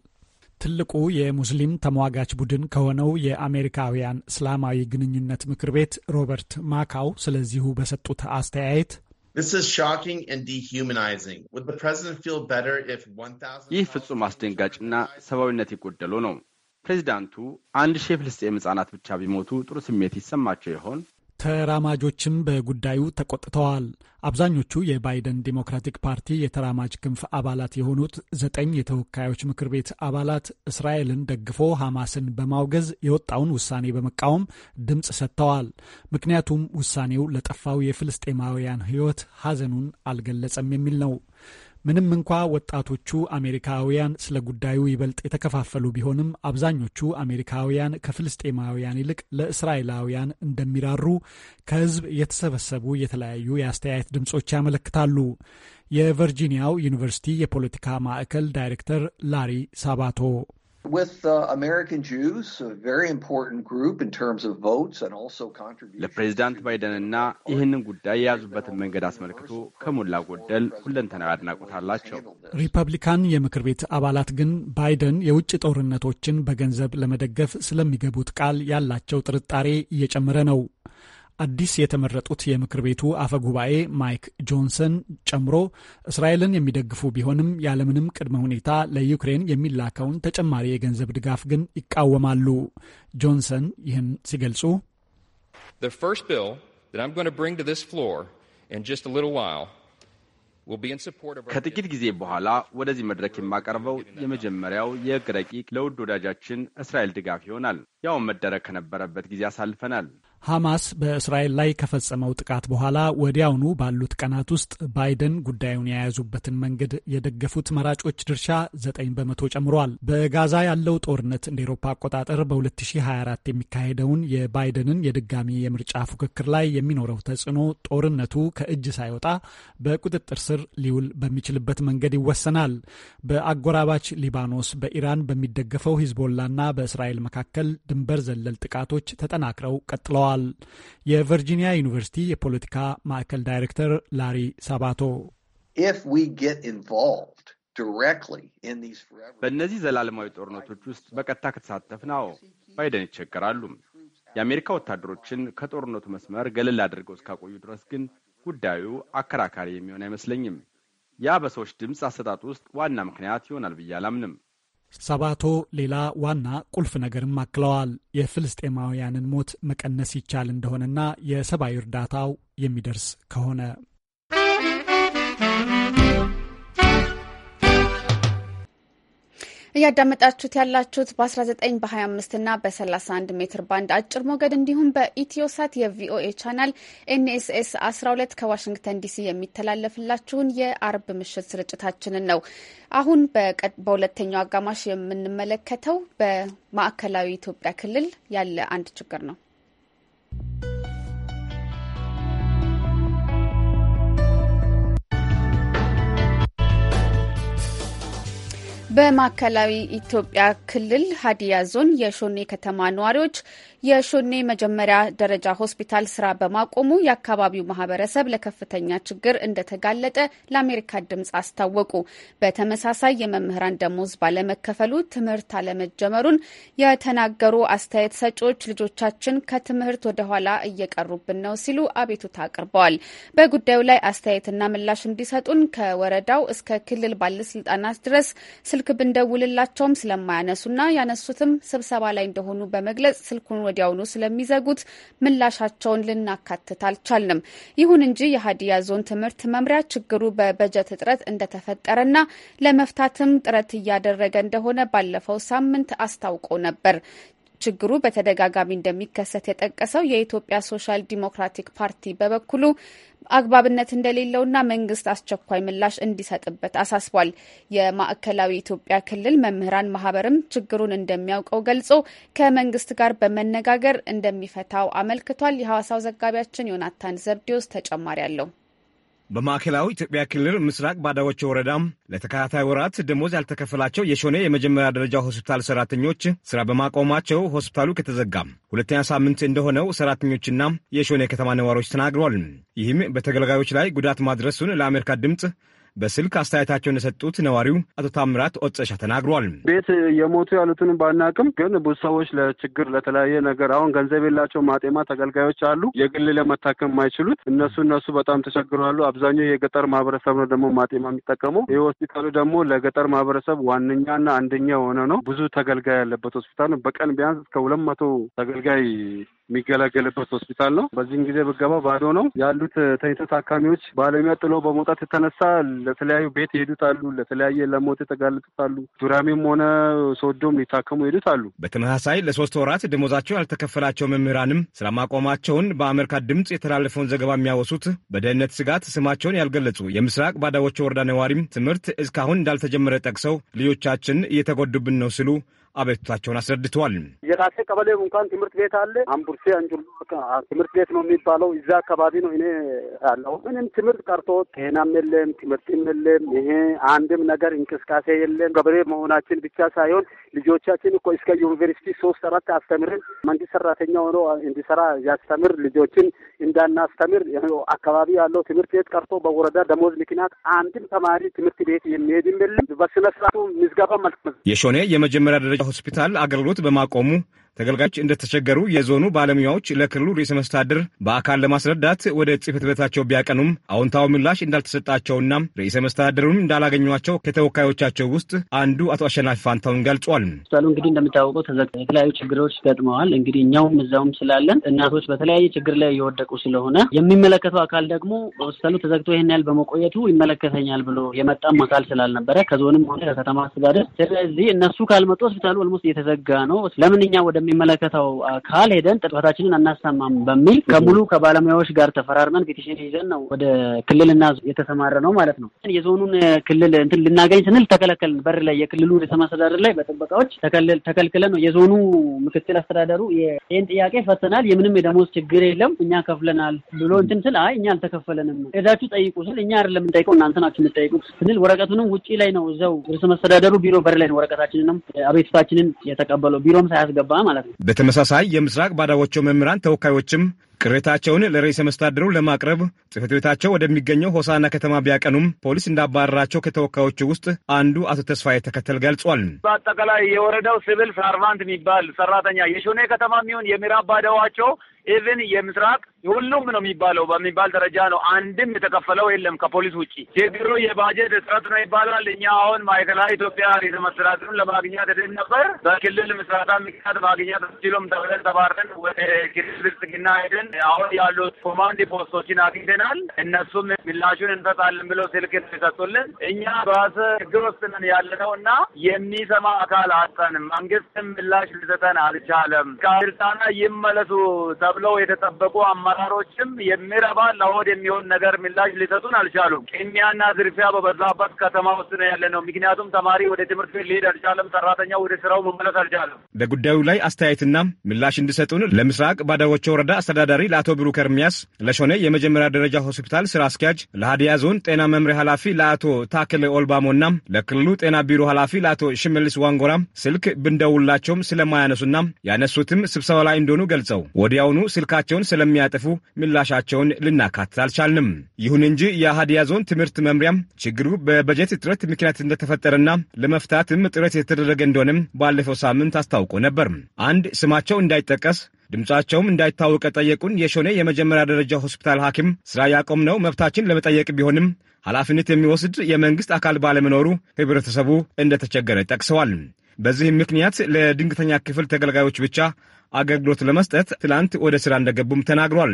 ትልቁ የሙስሊም ተሟጋች ቡድን ከሆነው የአሜሪካውያን እስላማዊ ግንኙነት ምክር ቤት ሮበርት ማካው ስለዚሁ በሰጡት አስተያየት ይህ ፍጹም አስደንጋጭና ሰብአዊነት የጎደለው ነው። ፕሬዚዳንቱ አንድ ሺህ የፍልስጤም ህጻናት ብቻ ቢሞቱ ጥሩ ስሜት ይሰማቸው ይሆን? ተራማጆችም በጉዳዩ ተቆጥተዋል። አብዛኞቹ የባይደን ዲሞክራቲክ ፓርቲ የተራማጅ ክንፍ አባላት የሆኑት ዘጠኝ የተወካዮች ምክር ቤት አባላት እስራኤልን ደግፎ ሐማስን በማውገዝ የወጣውን ውሳኔ በመቃወም ድምፅ ሰጥተዋል። ምክንያቱም ውሳኔው ለጠፋው የፍልስጤማውያን ህይወት ሐዘኑን አልገለጸም የሚል ነው። ምንም እንኳ ወጣቶቹ አሜሪካውያን ስለ ጉዳዩ ይበልጥ የተከፋፈሉ ቢሆንም አብዛኞቹ አሜሪካውያን ከፍልስጤማውያን ይልቅ ለእስራኤላውያን እንደሚራሩ ከህዝብ የተሰበሰቡ የተለያዩ የአስተያየት ድምጾች ያመለክታሉ። የቨርጂኒያው ዩኒቨርሲቲ የፖለቲካ ማዕከል ዳይሬክተር ላሪ ሳባቶ Uh, ለፕሬዚዳንት ባይደንና ይህንን ጉዳይ የያዙበትን መንገድ አስመልክቶ ከሞላ ጎደል ሁለንተናዊ አድናቆት አላቸው። ሪፐብሊካን የምክር ቤት አባላት ግን ባይደን የውጭ ጦርነቶችን በገንዘብ ለመደገፍ ስለሚገቡት ቃል ያላቸው ጥርጣሬ እየጨመረ ነው። አዲስ የተመረጡት የምክር ቤቱ አፈ ጉባኤ ማይክ ጆንሰን ጨምሮ እስራኤልን የሚደግፉ ቢሆንም ያለምንም ቅድመ ሁኔታ ለዩክሬን የሚላከውን ተጨማሪ የገንዘብ ድጋፍ ግን ይቃወማሉ። ጆንሰን ይህን ሲገልጹ ከጥቂት ጊዜ በኋላ ወደዚህ መድረክ የማቀርበው የመጀመሪያው የህግ ረቂቅ ለውድ ወዳጃችን እስራኤል ድጋፍ ይሆናል። ያውን መደረግ ከነበረበት ጊዜ አሳልፈናል። ሐማስ በእስራኤል ላይ ከፈጸመው ጥቃት በኋላ ወዲያውኑ ባሉት ቀናት ውስጥ ባይደን ጉዳዩን የያዙበትን መንገድ የደገፉት መራጮች ድርሻ 9 በመቶ ጨምሯል። በጋዛ ያለው ጦርነት እንደ ኤሮፓ አቆጣጠር በ2024 የሚካሄደውን የባይደንን የድጋሚ የምርጫ ፉክክር ላይ የሚኖረው ተጽዕኖ ጦርነቱ ከእጅ ሳይወጣ በቁጥጥር ስር ሊውል በሚችልበት መንገድ ይወሰናል። በአጎራባች ሊባኖስ በኢራን በሚደገፈው ሂዝቦላና በእስራኤል መካከል ድንበር ዘለል ጥቃቶች ተጠናክረው ቀጥለዋል። ገልጸዋል። የቨርጂኒያ ዩኒቨርሲቲ የፖለቲካ ማዕከል ዳይሬክተር ላሪ ሳባቶ በእነዚህ ዘላለማዊ ጦርነቶች ውስጥ በቀጥታ ከተሳተፍን፣ ነው ባይደን ይቸገራሉ። የአሜሪካ ወታደሮችን ከጦርነቱ መስመር ገለል አድርገው እስካቆዩ ድረስ ግን ጉዳዩ አከራካሪ የሚሆን አይመስለኝም። ያ በሰዎች ድምፅ አሰጣጥ ውስጥ ዋና ምክንያት ይሆናል ብዬ አላምንም። ሰባቶ ሌላ ዋና ቁልፍ ነገርም አክለዋል። የፍልስጤማውያንን ሞት መቀነስ ይቻል እንደሆነና የሰብአዊ እርዳታው የሚደርስ ከሆነ እያዳመጣችሁት ያላችሁት በ19 በ25 እና በ31 ሜትር ባንድ አጭር ሞገድ እንዲሁም በኢትዮሳት የቪኦኤ ቻናል ኤንኤስኤስ 12 ከዋሽንግተን ዲሲ የሚተላለፍላችሁን የአርብ ምሽት ስርጭታችንን ነው። አሁን በሁለተኛው አጋማሽ የምንመለከተው በማዕከላዊ ኢትዮጵያ ክልል ያለ አንድ ችግር ነው። በማዕከላዊ ኢትዮጵያ ክልል ሀዲያ ዞን የሾኔ ከተማ ነዋሪዎች የሾኔ መጀመሪያ ደረጃ ሆስፒታል ስራ በማቆሙ የአካባቢው ማህበረሰብ ለከፍተኛ ችግር እንደተጋለጠ ለአሜሪካ ድምጽ አስታወቁ። በተመሳሳይ የመምህራን ደሞዝ ባለመከፈሉ ትምህርት አለመጀመሩን የተናገሩ አስተያየት ሰጪዎች ልጆቻችን ከትምህርት ወደኋላ እየቀሩብን ነው ሲሉ አቤቱታ አቅርበዋል። በጉዳዩ ላይ አስተያየትና ምላሽ እንዲሰጡን ከወረዳው እስከ ክልል ባለስልጣናት ድረስ ስልክ ብንደውልላቸውም ስለማያነሱና ያነሱትም ስብሰባ ላይ እንደሆኑ በመግለጽ ስልኩን ወዲያውኑ ስለሚዘጉት ምላሻቸውን ልናካትት አልቻልንም። ይሁን እንጂ የሀዲያ ዞን ትምህርት መምሪያ ችግሩ በበጀት እጥረት እንደተፈጠረና ለመፍታትም ጥረት እያደረገ እንደሆነ ባለፈው ሳምንት አስታውቆ ነበር። ችግሩ በተደጋጋሚ እንደሚከሰት የጠቀሰው የኢትዮጵያ ሶሻል ዲሞክራቲክ ፓርቲ በበኩሉ አግባብነት እንደሌለውና መንግስት አስቸኳይ ምላሽ እንዲሰጥበት አሳስቧል። የማዕከላዊ ኢትዮጵያ ክልል መምህራን ማህበርም ችግሩን እንደሚያውቀው ገልጾ ከመንግስት ጋር በመነጋገር እንደሚፈታው አመልክቷል። የሐዋሳው ዘጋቢያችን ዮናታን ዘብዴዎስ ተጨማሪ አለው። በማዕከላዊ ኢትዮጵያ ክልል ምስራቅ ባዳዎቾ ወረዳ ለተከታታይ ወራት ደሞዝ ያልተከፈላቸው የሾኔ የመጀመሪያ ደረጃ ሆስፒታል ሰራተኞች ስራ በማቆማቸው ሆስፒታሉ ከተዘጋ ሁለተኛ ሳምንት እንደሆነው ሰራተኞችና የሾኔ ከተማ ነዋሪዎች ተናግረዋል። ይህም በተገልጋዮች ላይ ጉዳት ማድረሱን ለአሜሪካ ድምፅ በስልክ አስተያየታቸውን የሰጡት ነዋሪው አቶ ታምራት ኦጸሻ ተናግሯል። ቤት የሞቱ ያሉትን ባናቅም ግን ብዙ ሰዎች ለችግር ለተለያየ ነገር አሁን ገንዘብ የላቸው ማጤማ ተገልጋዮች አሉ። የግል ለመታከም የማይችሉት እነሱ እነሱ በጣም ተቸግረዋሉ። አብዛኛው የገጠር ማህበረሰብ ነው ደግሞ ማጤማ የሚጠቀመው። ይህ ሆስፒታሉ ደግሞ ለገጠር ማህበረሰብ ዋነኛና አንደኛ የሆነ ነው። ብዙ ተገልጋይ ያለበት ሆስፒታል ነው። በቀን ቢያንስ እስከ ሁለት መቶ ተገልጋይ የሚገለገልበት ሆስፒታል ነው። በዚህም ጊዜ ብገባ ባዶ ነው ያሉት ተኝቶ ታካሚዎች ባለሙያ ጥሎ በመውጣት የተነሳ ለተለያዩ ቤት ይሄዱት አሉ። ለተለያየ ለሞት የተጋለጡት አሉ። ዱራሜም ሆነ ሶዶም ሊታከሙ ይሄዱት አሉ። በተመሳሳይ ለሶስት ወራት ደሞዛቸው ያልተከፈላቸው መምህራንም ስራ ማቆማቸውን በአሜሪካ ድምፅ የተላለፈውን ዘገባ የሚያወሱት በደህንነት ስጋት ስማቸውን ያልገለጹ የምስራቅ ባዳዎቹ ወረዳ ነዋሪም ትምህርት እስካሁን እንዳልተጀመረ ጠቅሰው ልጆቻችን እየተጎዱብን ነው ሲሉ አቤቱታቸውን አስረድተዋል። የራሴ ቀበሌ እንኳን ትምህርት ቤት አለ። አምቡርሴ አንጁሉ ትምህርት ቤት ነው የሚባለው። እዛ አካባቢ ነው እኔ ያለው። ምንም ትምህርት ቀርቶ ጤናም የለም፣ ትምህርትም የለም። ይሄ አንድም ነገር እንቅስቃሴ የለም። ገበሬ መሆናችን ብቻ ሳይሆን ልጆቻችን እኮ እስከ ዩኒቨርሲቲ ሶስት አራት አስተምርን መንግስት ሰራተኛ ሆኖ እንዲሰራ ያስተምር ልጆችን እንዳናስተምር አካባቢ ያለው ትምህርት ቤት ቀርቶ በወረዳ ደሞዝ ምክንያት አንድም ተማሪ ትምህርት ቤት የሚሄድም የለም። በስነስርዓቱ ምዝገባ መልክ የሾኔ የመጀመሪያ ደረጃ ሆስፒታል አገልግሎት በማቆሙ ተገልጋዮች እንደተቸገሩ የዞኑ ባለሙያዎች ለክልሉ ርዕሰ መስተዳድር በአካል ለማስረዳት ወደ ጽህፈት ቤታቸው ቢያቀኑም አዎንታዊ ምላሽ እንዳልተሰጣቸውና ርዕሰ መስተዳድሩም እንዳላገኟቸው ከተወካዮቻቸው ውስጥ አንዱ አቶ አሸናፊ ፋንታውን ገልጿል። ሆስፒታሉ እንግዲህ እንደምታወቀው የተለያዩ ችግሮች ገጥመዋል። እንግዲህ እኛውም እዛውም ስላለን እናቶች በተለያየ ችግር ላይ እየወደቁ ስለሆነ የሚመለከተው አካል ደግሞ ሆስፒታሉ ተዘግቶ ይህን ያህል በመቆየቱ ይመለከተኛል ብሎ የመጣም አካል ስላልነበረ ከዞንም ሆነ ከከተማ አስተዳደር ስለዚህ እነሱ ካልመጡ ሆስፒታሉ ኦልሞስት እየተዘጋ ነው። ለምን እኛ ወደሚ ወደሚመለከተው አካል ሄደን ጥፋታችንን አናሰማም በሚል ከሙሉ ከባለሙያዎች ጋር ተፈራርመን ፔቲሽን ይዘን ነው ወደ ክልልና የተሰማረ ነው ማለት ነው። የዞኑን ክልል እንትን ልናገኝ ስንል ተከለከልን። በር ላይ የክልሉ ርዕሰ መስተዳድር ላይ በጥበቃዎች ተከልክለን ነው የዞኑ ምክትል አስተዳደሩ ይህን ጥያቄ ፈተናል፣ የምንም የደሞዝ ችግር የለም እኛ ከፍለናል ብሎ እንትን ስል አይ እኛ አልተከፈለንም እዛችሁ ጠይቁ ስል እኛ አይደለም የምንጠይቀው እናንተ ናችሁ የምትጠይቁት ስንል ወረቀቱንም ውጪ ላይ ነው እዛው ርዕሰ መስተዳደሩ ቢሮ በር ላይ ነው ወረቀታችንንም አቤቱታችንን የተቀበለው ቢሮም ሳያስገባ ማለት ነው። በተመሳሳይ የምስራቅ ባዳዋቾ መምህራን ተወካዮችም ቅሬታቸውን ለርዕሰ መስተዳድሩ ለማቅረብ ጽሕፈት ቤታቸው ወደሚገኘው ሆሳና ከተማ ቢያቀኑም ፖሊስ እንዳባረራቸው ከተወካዮቹ ውስጥ አንዱ አቶ ተስፋዬ ተከተል ገልጿል። በአጠቃላይ የወረዳው ሲቪል ሰርቫንት የሚባል ሰራተኛ የሾኔ ከተማ የሚሆን የምዕራብ ባዳዋቾ ኢቭን የምስራቅ ሁሉም ነው የሚባለው በሚባል ደረጃ ነው። አንድም የተከፈለው የለም ከፖሊስ ውጭ። ችግሩ የባጀት እጥረት ነው ይባላል። እኛ አሁን ማዕከላዊ ኢትዮጵያ ርዕሰ መስተዳድሩን ለማግኘት ሄደን ነበር። በክልል ምስረታ ምክንያት ማግኘት ችሎም ተብለን ተባረን ወደ ክልል ብልጽግና ሄደን አሁን ያሉት ኮማንድ ፖስቶችን አግኝተናል። እነሱም ምላሹን እንሰጣለን ብለው ስልክ ሰጡልን። እኛ በራስ ችግር ውስጥ ነን ነው እና የሚሰማ አካል አጠን መንግስትም ምላሽ ሊሰጠን አልቻለም። ከብርጣና ይመለሱ ተብለው የተጠበቁ አማ አመራሮችም የሚረባ ለሆድ የሚሆን ነገር ምላሽ ሊሰጡን አልቻሉም። ቅሚያና ዝርፊያ በበዛበት ከተማ ውስጥ ነው ያለ ነው። ምክንያቱም ተማሪ ወደ ትምህርት ቤት ሊሄድ አልቻለም። ሰራተኛ ወደ ስራው መመለስ አልቻለም። በጉዳዩ ላይ አስተያየትና ምላሽ እንዲሰጡን ለምስራቅ ባዳዎቾ ወረዳ አስተዳዳሪ ለአቶ ብሩክ ኤርሚያስ፣ ለሾኔ የመጀመሪያ ደረጃ ሆስፒታል ስራ አስኪያጅ፣ ለሀዲያ ዞን ጤና መምሪያ ኃላፊ ለአቶ ታክል ኦልባሞና ለክልሉ ጤና ቢሮ ኃላፊ ለአቶ ሽመልስ ዋንጎራ ስልክ ብንደውላቸውም ስለማያነሱና ያነሱትም ስብሰባ ላይ እንደሆኑ ገልጸው ወዲያውኑ ስልካቸውን ስለሚያጠፍ ሲያስተላልፉ ምላሻቸውን ልናካትት አልቻልንም። ይሁን እንጂ የሀዲያ ዞን ትምህርት መምሪያም ችግሩ በበጀት እጥረት ምክንያት እንደተፈጠረና ለመፍታትም ጥረት የተደረገ እንደሆነም ባለፈው ሳምንት አስታውቆ ነበር። አንድ ስማቸው እንዳይጠቀስ ድምፃቸውም እንዳይታወቀ ጠየቁን የሾኔ የመጀመሪያ ደረጃ ሆስፒታል ሐኪም ስራ ነው መብታችን ለመጠየቅ ቢሆንም ኃላፊነት የሚወስድ የመንግሥት አካል ባለመኖሩ ህብረተሰቡ እንደተቸገረ ጠቅሰዋል። በዚህም ምክንያት ለድንገተኛ ክፍል ተገልጋዮች ብቻ አገልግሎት ለመስጠት ትላንት ወደ ስራ እንደገቡም ተናግሯል።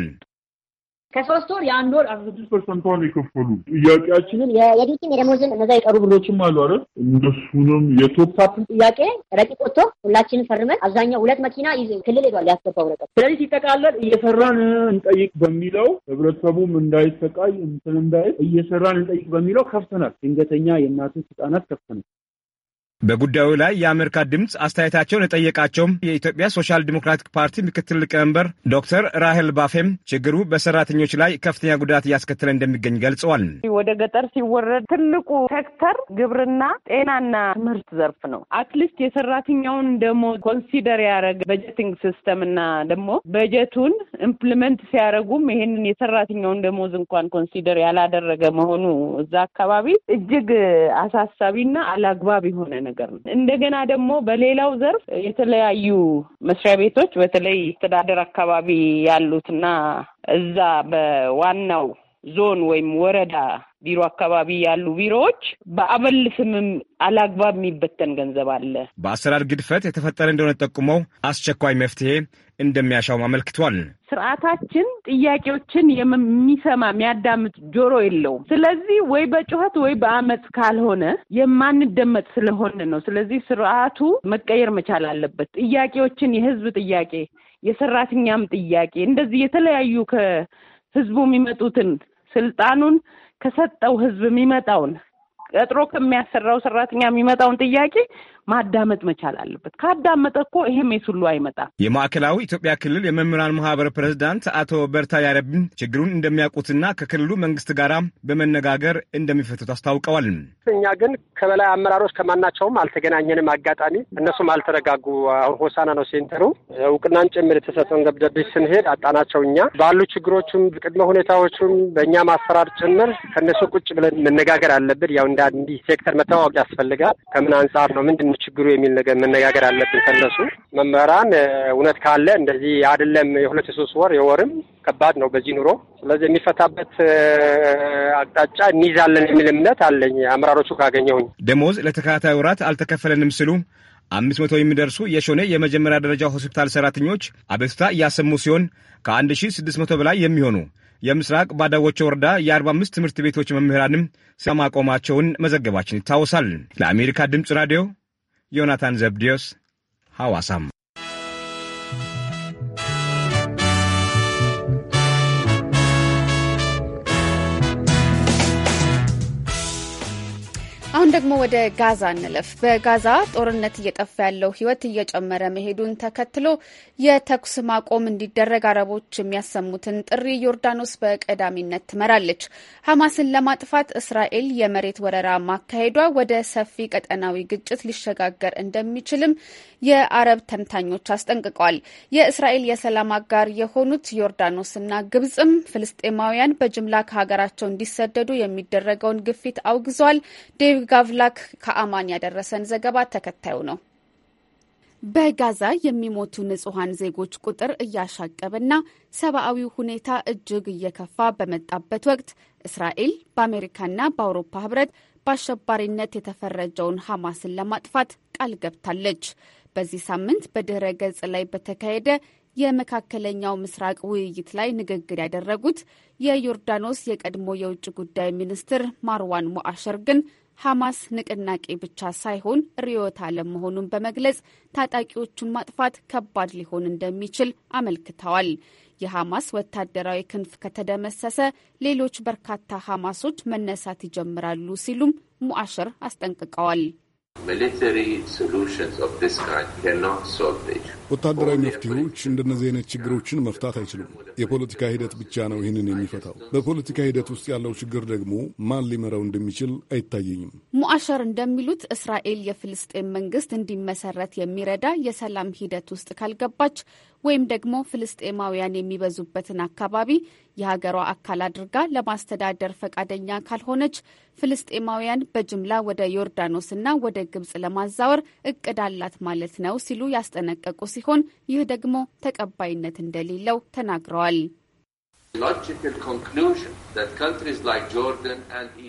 ከሶስት ወር የአንድ ወር አስራ ስድስት ፐርሰንቷን የከፈሉ ጥያቄያችንን የቤትም የደሞዝን እነዛ የቀሩ ብሎችም አሉ አይደል? እነሱንም የቶፕታፕን ጥያቄ ረቂቅ ወጥቶ ሁላችንን ፈርመን አብዛኛው ሁለት መኪና ክልል ሄዷል ያስገባው ነገር። ስለዚህ ሲጠቃለል እየሰራን እንጠይቅ በሚለው ህብረተሰቡም እንዳይሰቃይ እንትን እንዳይል እየሰራን እንጠይቅ በሚለው ከፍተናል። ድንገተኛ የእናቶች ህጻናት ከፍተናል። በጉዳዩ ላይ የአሜሪካ ድምፅ አስተያየታቸውን የጠየቃቸውም የኢትዮጵያ ሶሻል ዲሞክራቲክ ፓርቲ ምክትል ሊቀመንበር ዶክተር ራሄል ባፌም ችግሩ በሰራተኞች ላይ ከፍተኛ ጉዳት እያስከተለ እንደሚገኝ ገልጸዋል። ወደ ገጠር ሲወረድ ትልቁ ሴክተር ግብርና፣ ጤናና ትምህርት ዘርፍ ነው። አትሊስት የሰራተኛውን ደግሞ ኮንሲደር ያደረገ በጀቲንግ ሲስተም እና ደግሞ በጀቱን ኢምፕሊመንት ሲያደርጉም ይሄንን የሰራተኛውን ደሞዝ እንኳን ኮንሲደር ያላደረገ መሆኑ እዛ አካባቢ እጅግ አሳሳቢና አላግባብ የሆነ ነው። ነገር ነው። እንደገና ደግሞ በሌላው ዘርፍ የተለያዩ መስሪያ ቤቶች በተለይ አስተዳደር አካባቢ ያሉትና እዛ በዋናው ዞን ወይም ወረዳ ቢሮ አካባቢ ያሉ ቢሮዎች በአበል ስምም አላግባብ የሚበተን ገንዘብ አለ። በአሰራር ግድፈት የተፈጠረ እንደሆነ ጠቁመው አስቸኳይ መፍትሄ እንደሚያሻውም አመልክቷል። ስርዓታችን ጥያቄዎችን የሚሰማ የሚያዳምጥ ጆሮ የለውም። ስለዚህ ወይ በጩኸት ወይ በአመፅ ካልሆነ የማንደመጥ ስለሆነ ነው። ስለዚህ ስርዓቱ መቀየር መቻል አለበት። ጥያቄዎችን የህዝብ ጥያቄ፣ የሰራተኛም ጥያቄ እንደዚህ የተለያዩ ከህዝቡ የሚመጡትን ስልጣኑን ከሰጠው ህዝብ የሚመጣውን ቀጥሮ ከሚያሰራው ሰራተኛ የሚመጣውን ጥያቄ ማዳመጥ መቻል አለበት። ካዳመጠ እኮ ይህም የሱሉ አይመጣ የማዕከላዊ ኢትዮጵያ ክልል የመምህራን ማህበር ፕሬዚዳንት አቶ በርታ ያረብን ችግሩን እንደሚያውቁትና ከክልሉ መንግስት ጋር በመነጋገር እንደሚፈቱት አስታውቀዋል። እኛ ግን ከበላይ አመራሮች ከማናቸውም አልተገናኘንም። አጋጣሚ እነሱም አልተረጋጉ። አሁን ሆሳና ነው ሴንተሩ እውቅናን ጭምር የተሰጠውን ደብዳቤ ስንሄድ አጣናቸው። እኛ ባሉ ችግሮቹም ቅድመ ሁኔታዎቹም በእኛ ማሰራር ጭምር ከእነሱ ቁጭ ብለን መነጋገር አለብን። ያው እንዲህ ሴክተር መተዋወቅ ያስፈልጋል። ከምን አንጻር ነው ምንድን ችግሩ የሚል ነገር መነጋገር አለብን ከነሱ መምህራን። እውነት ካለ እንደዚህ አይደለም የሁለት የሶስት ወር የወርም ከባድ ነው በዚህ ኑሮ። ስለዚህ የሚፈታበት አቅጣጫ እንይዛለን የሚል እምነት አለኝ አመራሮቹ ካገኘሁኝ። ደሞዝ ለተከታታይ ወራት አልተከፈለንም ስሉ አምስት መቶ የሚደርሱ የሾኔ የመጀመሪያ ደረጃ ሆስፒታል ሰራተኞች አቤቱታ እያሰሙ ሲሆን ከ1600 በላይ የሚሆኑ የምስራቅ ባዳዎቹ ወረዳ የ45 ትምህርት ቤቶች መምህራንም ስራ መዘገባችን ይታወሳል። ለአሜሪካ ድምፅ ራዲዮ ዮናታን ዘብዲዮስ ሐዋሳም ደግሞ ወደ ጋዛ እንለፍ። በጋዛ ጦርነት እየጠፋ ያለው ሕይወት እየጨመረ መሄዱን ተከትሎ የተኩስ ማቆም እንዲደረግ አረቦች የሚያሰሙትን ጥሪ ዮርዳኖስ በቀዳሚነት ትመራለች። ሐማስን ለማጥፋት እስራኤል የመሬት ወረራ ማካሄዷ ወደ ሰፊ ቀጠናዊ ግጭት ሊሸጋገር እንደሚችልም የአረብ ተንታኞች አስጠንቅቀዋል። የእስራኤል የሰላም አጋር የሆኑት ዮርዳኖስና ግብጽም ፍልስጤማውያን በጅምላ ከሀገራቸው እንዲሰደዱ የሚደረገውን ግፊት አውግዘዋል። ዴቪድ አቭላክ ከአማን ያደረሰን ዘገባ ተከታዩ ነው። በጋዛ የሚሞቱ ንጹሐን ዜጎች ቁጥር እያሻቀበና ሰብአዊ ሁኔታ እጅግ እየከፋ በመጣበት ወቅት እስራኤል በአሜሪካና በአውሮፓ ህብረት በአሸባሪነት የተፈረጀውን ሐማስን ለማጥፋት ቃል ገብታለች። በዚህ ሳምንት በድኅረ ገጽ ላይ በተካሄደ የመካከለኛው ምስራቅ ውይይት ላይ ንግግር ያደረጉት የዮርዳኖስ የቀድሞ የውጭ ጉዳይ ሚኒስትር ማርዋን ሙአሸር ግን ሐማስ ንቅናቄ ብቻ ሳይሆን ርዕዮተ ዓለም መሆኑን በመግለጽ ታጣቂዎቹን ማጥፋት ከባድ ሊሆን እንደሚችል አመልክተዋል። የሐማስ ወታደራዊ ክንፍ ከተደመሰሰ ሌሎች በርካታ ሐማሶች መነሳት ይጀምራሉ ሲሉም ሙአሽር አስጠንቅቀዋል። ወታደራዊ መፍትሄዎች እንደነዚህ አይነት ችግሮችን መፍታት አይችሉም። የፖለቲካ ሂደት ብቻ ነው ይህንን የሚፈታው። በፖለቲካ ሂደት ውስጥ ያለው ችግር ደግሞ ማን ሊመራው እንደሚችል አይታየኝም። ሙአሸር እንደሚሉት እስራኤል የፍልስጤን መንግስት እንዲመሰረት የሚረዳ የሰላም ሂደት ውስጥ ካልገባች ወይም ደግሞ ፍልስጤማውያን የሚበዙበትን አካባቢ የሀገሯ አካል አድርጋ ለማስተዳደር ፈቃደኛ ካልሆነች ፍልስጤማውያን በጅምላ ወደ ዮርዳኖስና ወደ ግብጽ ለማዛወር እቅድ አላት ማለት ነው ሲሉ ያስጠነቀቁ ሲሆን ይህ ደግሞ ተቀባይነት እንደሌለው ተናግረዋል።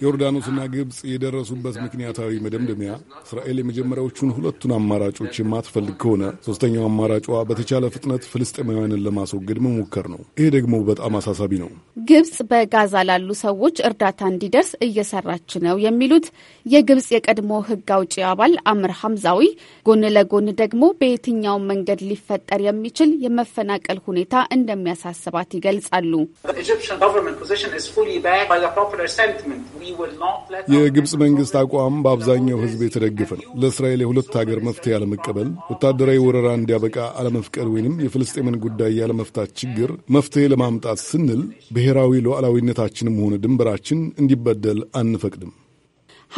ዮርዳኖስና ግብፅ የደረሱበት ምክንያታዊ መደምደሚያ እስራኤል የመጀመሪያዎቹን ሁለቱን አማራጮች የማትፈልግ ከሆነ ሦስተኛው አማራጯ በተቻለ ፍጥነት ፍልስጤማውያንን ለማስወገድ መሞከር ነው። ይሄ ደግሞ በጣም አሳሳቢ ነው። ግብፅ በጋዛ ላሉ ሰዎች እርዳታ እንዲደርስ እየሰራች ነው የሚሉት የግብፅ የቀድሞ ሕግ አውጪ አባል አምር ሐምዛዊ፣ ጎን ለጎን ደግሞ በየትኛውም መንገድ ሊፈጠር የሚችል የመፈናቀል ሁኔታ እንደሚያሳስባት ይገልጻሉ። የግብፅ መንግስት አቋም በአብዛኛው ህዝብ የተደገፈ ነው። ለእስራኤል የሁለት ሀገር መፍትሄ አለመቀበል፣ ወታደራዊ ወረራ እንዲያበቃ አለመፍቀድ ወይንም የፍልስጤምን ጉዳይ ያለመፍታት ችግር መፍትሄ ለማምጣት ስንል ብሔራዊ ሉዓላዊነታችንም ሆነ ድንበራችን እንዲበደል አንፈቅድም።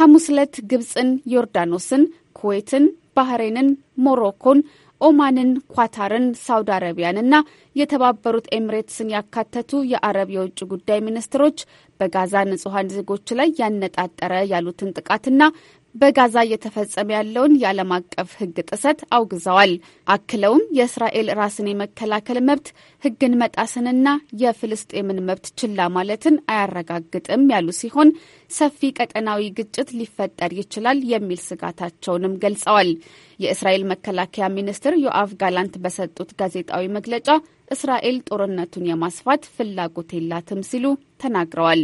ሐሙስ ዕለት ግብፅን፣ ዮርዳኖስን፣ ኩዌትን፣ ባህሬንን፣ ሞሮኮን ኦማንን፣ ኳታርን፣ ሳውዲ አረቢያንና የተባበሩት ኤሚሬትስን ያካተቱ የአረብ የውጭ ጉዳይ ሚኒስትሮች በጋዛ ንጹሐን ዜጎች ላይ ያነጣጠረ ያሉትን ጥቃትና በጋዛ እየተፈጸመ ያለውን የዓለም አቀፍ ሕግ ጥሰት አውግዘዋል። አክለውም የእስራኤል ራስን የመከላከል መብት ሕግን መጣስንና የፍልስጤምን መብት ችላ ማለትን አያረጋግጥም ያሉ ሲሆን ሰፊ ቀጠናዊ ግጭት ሊፈጠር ይችላል የሚል ስጋታቸውንም ገልጸዋል። የእስራኤል መከላከያ ሚኒስትር ዮአቭ ጋላንት በሰጡት ጋዜጣዊ መግለጫ እስራኤል ጦርነቱን የማስፋት ፍላጎት የላትም ሲሉ ተናግረዋል።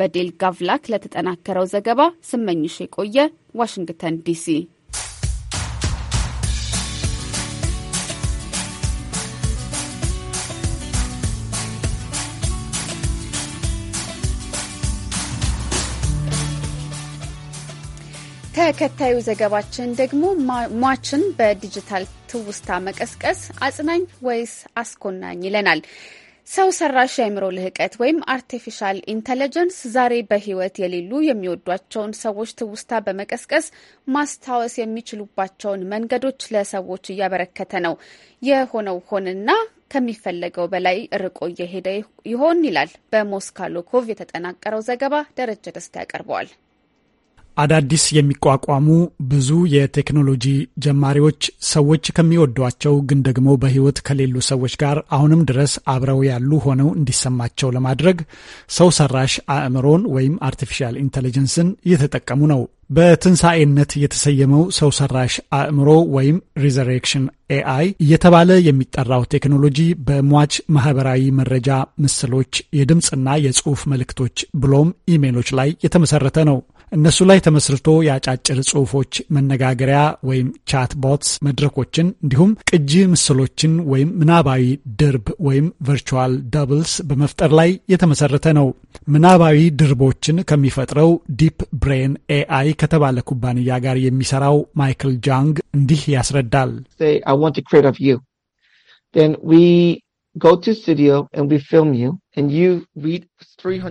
በዴል ጋቭላክ ለተጠናከረው ዘገባ ስመኝሽ የቆየ ዋሽንግተን ዲሲ። ተከታዩ ዘገባችን ደግሞ ሟችን በዲጂታል ትውስታ መቀስቀስ አጽናኝ ወይስ አስኮናኝ ይለናል። ሰው ሰራሽ የአእምሮ ልህቀት ወይም አርቲፊሻል ኢንተለጀንስ ዛሬ በህይወት የሌሉ የሚወዷቸውን ሰዎች ትውስታ በመቀስቀስ ማስታወስ የሚችሉባቸውን መንገዶች ለሰዎች እያበረከተ ነው። የሆነው ሆንና ከሚፈለገው በላይ ርቆ እየሄደ ይሆን ይላል በሞስካሎኮቭ የተጠናቀረው ዘገባ። ደረጀ ደስታ ያቀርበዋል። አዳዲስ የሚቋቋሙ ብዙ የቴክኖሎጂ ጀማሪዎች ሰዎች ከሚወዷቸው ግን ደግሞ በሕይወት ከሌሉ ሰዎች ጋር አሁንም ድረስ አብረው ያሉ ሆነው እንዲሰማቸው ለማድረግ ሰው ሰራሽ አእምሮን ወይም አርቲፊሻል ኢንተለጀንስን እየተጠቀሙ ነው። በትንሣኤነት የተሰየመው ሰው ሰራሽ አእምሮ ወይም ሪዘሬክሽን ኤአይ እየተባለ የሚጠራው ቴክኖሎጂ በሟች ማህበራዊ መረጃ ምስሎች፣ የድምፅና የጽሑፍ መልእክቶች ብሎም ኢሜሎች ላይ የተመሰረተ ነው። እነሱ ላይ ተመስርቶ የአጫጭር ጽሁፎች መነጋገሪያ ወይም ቻት ቦትስ መድረኮችን እንዲሁም ቅጂ ምስሎችን ወይም ምናባዊ ድርብ ወይም ቨርቹዋል ደብልስ በመፍጠር ላይ የተመሰረተ ነው። ምናባዊ ድርቦችን ከሚፈጥረው ዲፕ ብሬን ኤአይ ከተባለ ኩባንያ ጋር የሚሰራው ማይክል ጃንግ እንዲህ ያስረዳል።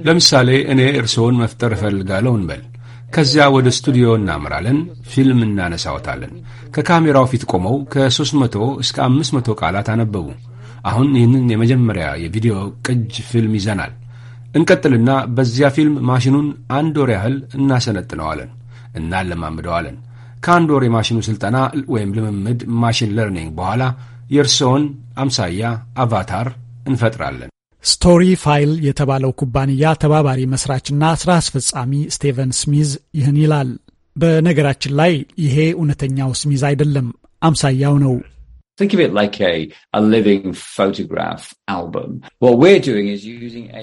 ለምሳሌ እኔ እርስዎን መፍጠር እፈልጋለሁ እንበል ከዚያ ወደ ስቱዲዮ እናምራለን። ፊልም እናነሳወታለን። ከካሜራው ፊት ቆመው ከ300 እስከ 500 ቃላት አነበቡ። አሁን ይህንን የመጀመሪያ የቪዲዮ ቅጅ ፊልም ይዘናል። እንቀጥልና በዚያ ፊልም ማሽኑን አንድ ወር ያህል እናሰነጥነዋለን፣ እናለማምደዋለን። ከአንድ ወር የማሽኑ ሥልጠና ወይም ልምምድ ማሽን ለርኒንግ በኋላ የእርስዎን አምሳያ አቫታር እንፈጥራለን። ስቶሪ ፋይል የተባለው ኩባንያ ተባባሪ መስራችና ስራ አስፈጻሚ ስቴቨን ስሚዝ ይህን ይላል። በነገራችን ላይ ይሄ እውነተኛው ስሚዝ አይደለም፣ አምሳያው ነው።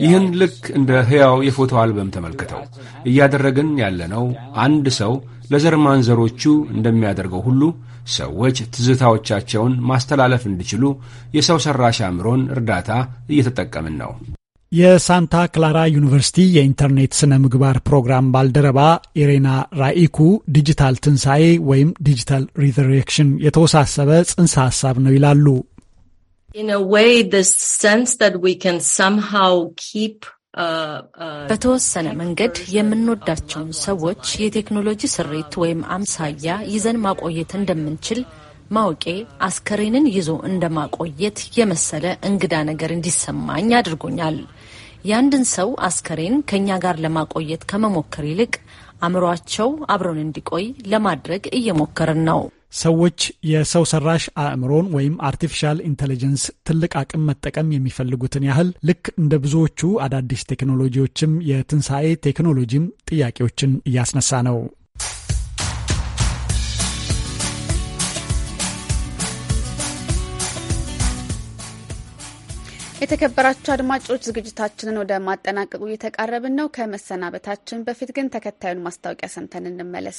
ይህን ልክ እንደ ሕያው የፎቶ አልበም ተመልክተው እያደረግን ያለነው አንድ ሰው ለዘር ማንዘሮቹ እንደሚያደርገው ሁሉ ሰዎች ትዝታዎቻቸውን ማስተላለፍ እንዲችሉ የሰው ሰራሽ አእምሮን እርዳታ እየተጠቀምን ነው። የሳንታ ክላራ ዩኒቨርሲቲ የኢንተርኔት ስነ ምግባር ፕሮግራም ባልደረባ ኢሬና ራኢኩ ዲጂታል ትንሣኤ ወይም ዲጂታል ሪዘሬክሽን የተወሳሰበ ጽንሰ ሀሳብ ነው ይላሉ። In a way, sense that we can somehow keep በተወሰነ መንገድ የምንወዳቸውን ሰዎች የቴክኖሎጂ ስሪት ወይም አምሳያ ይዘን ማቆየት እንደምንችል ማወቄ አስከሬንን ይዞ እንደማቆየት የመሰለ እንግዳ ነገር እንዲሰማኝ አድርጎኛል። የአንድን ሰው አስከሬን ከእኛ ጋር ለማቆየት ከመሞከር ይልቅ አእምሯቸው አብሮን እንዲቆይ ለማድረግ እየሞከርን ነው። ሰዎች የሰው ሰራሽ አእምሮን ወይም አርቲፊሻል ኢንቴሊጀንስ ትልቅ አቅም መጠቀም የሚፈልጉትን ያህል ልክ እንደ ብዙዎቹ አዳዲስ ቴክኖሎጂዎችም የትንሣኤ ቴክኖሎጂም ጥያቄዎችን እያስነሳ ነው። የተከበራችሁ አድማጮች ዝግጅታችንን ወደ ማጠናቀቁ እየተቃረብን ነው። ከመሰናበታችን በፊት ግን ተከታዩን ማስታወቂያ ሰምተን እንመለስ።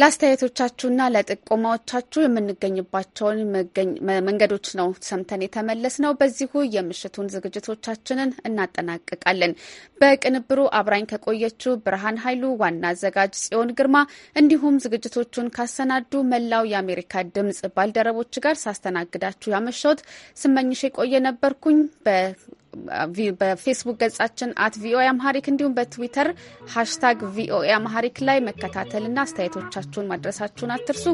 ለአስተያየቶቻችሁና ለጥቆማዎቻችሁ የምንገኝባቸውን መንገዶች ነው ሰምተን የተመለስ ነው። በዚሁ የምሽቱን ዝግጅቶቻችንን እናጠናቅቃለን። በቅንብሩ አብራኝ ከቆየችው ብርሃን ኃይሉ፣ ዋና አዘጋጅ ጽዮን ግርማ እንዲሁም ዝግጅቶቹን ካሰናዱ መላው የአሜሪካ ድምጽ ባልደረቦች ጋር ሳስተናግዳችሁ ያመሸሁት ስመኝሽ የቆየ ነበርኩኝ። በፌስቡክ ገጻችን አት ቪኦኤ አምሃሪክ እንዲሁም በትዊተር ሃሽታግ ቪኦኤ አምሃሪክ ላይ መከታተልና አስተያየቶቻችሁን ማድረሳችሁን አትርሱ።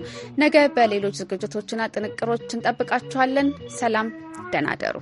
ነገ በሌሎች ዝግጅቶችና ጥንቅሮች እንጠብቃችኋለን። ሰላም፣ ደህና ደሩ።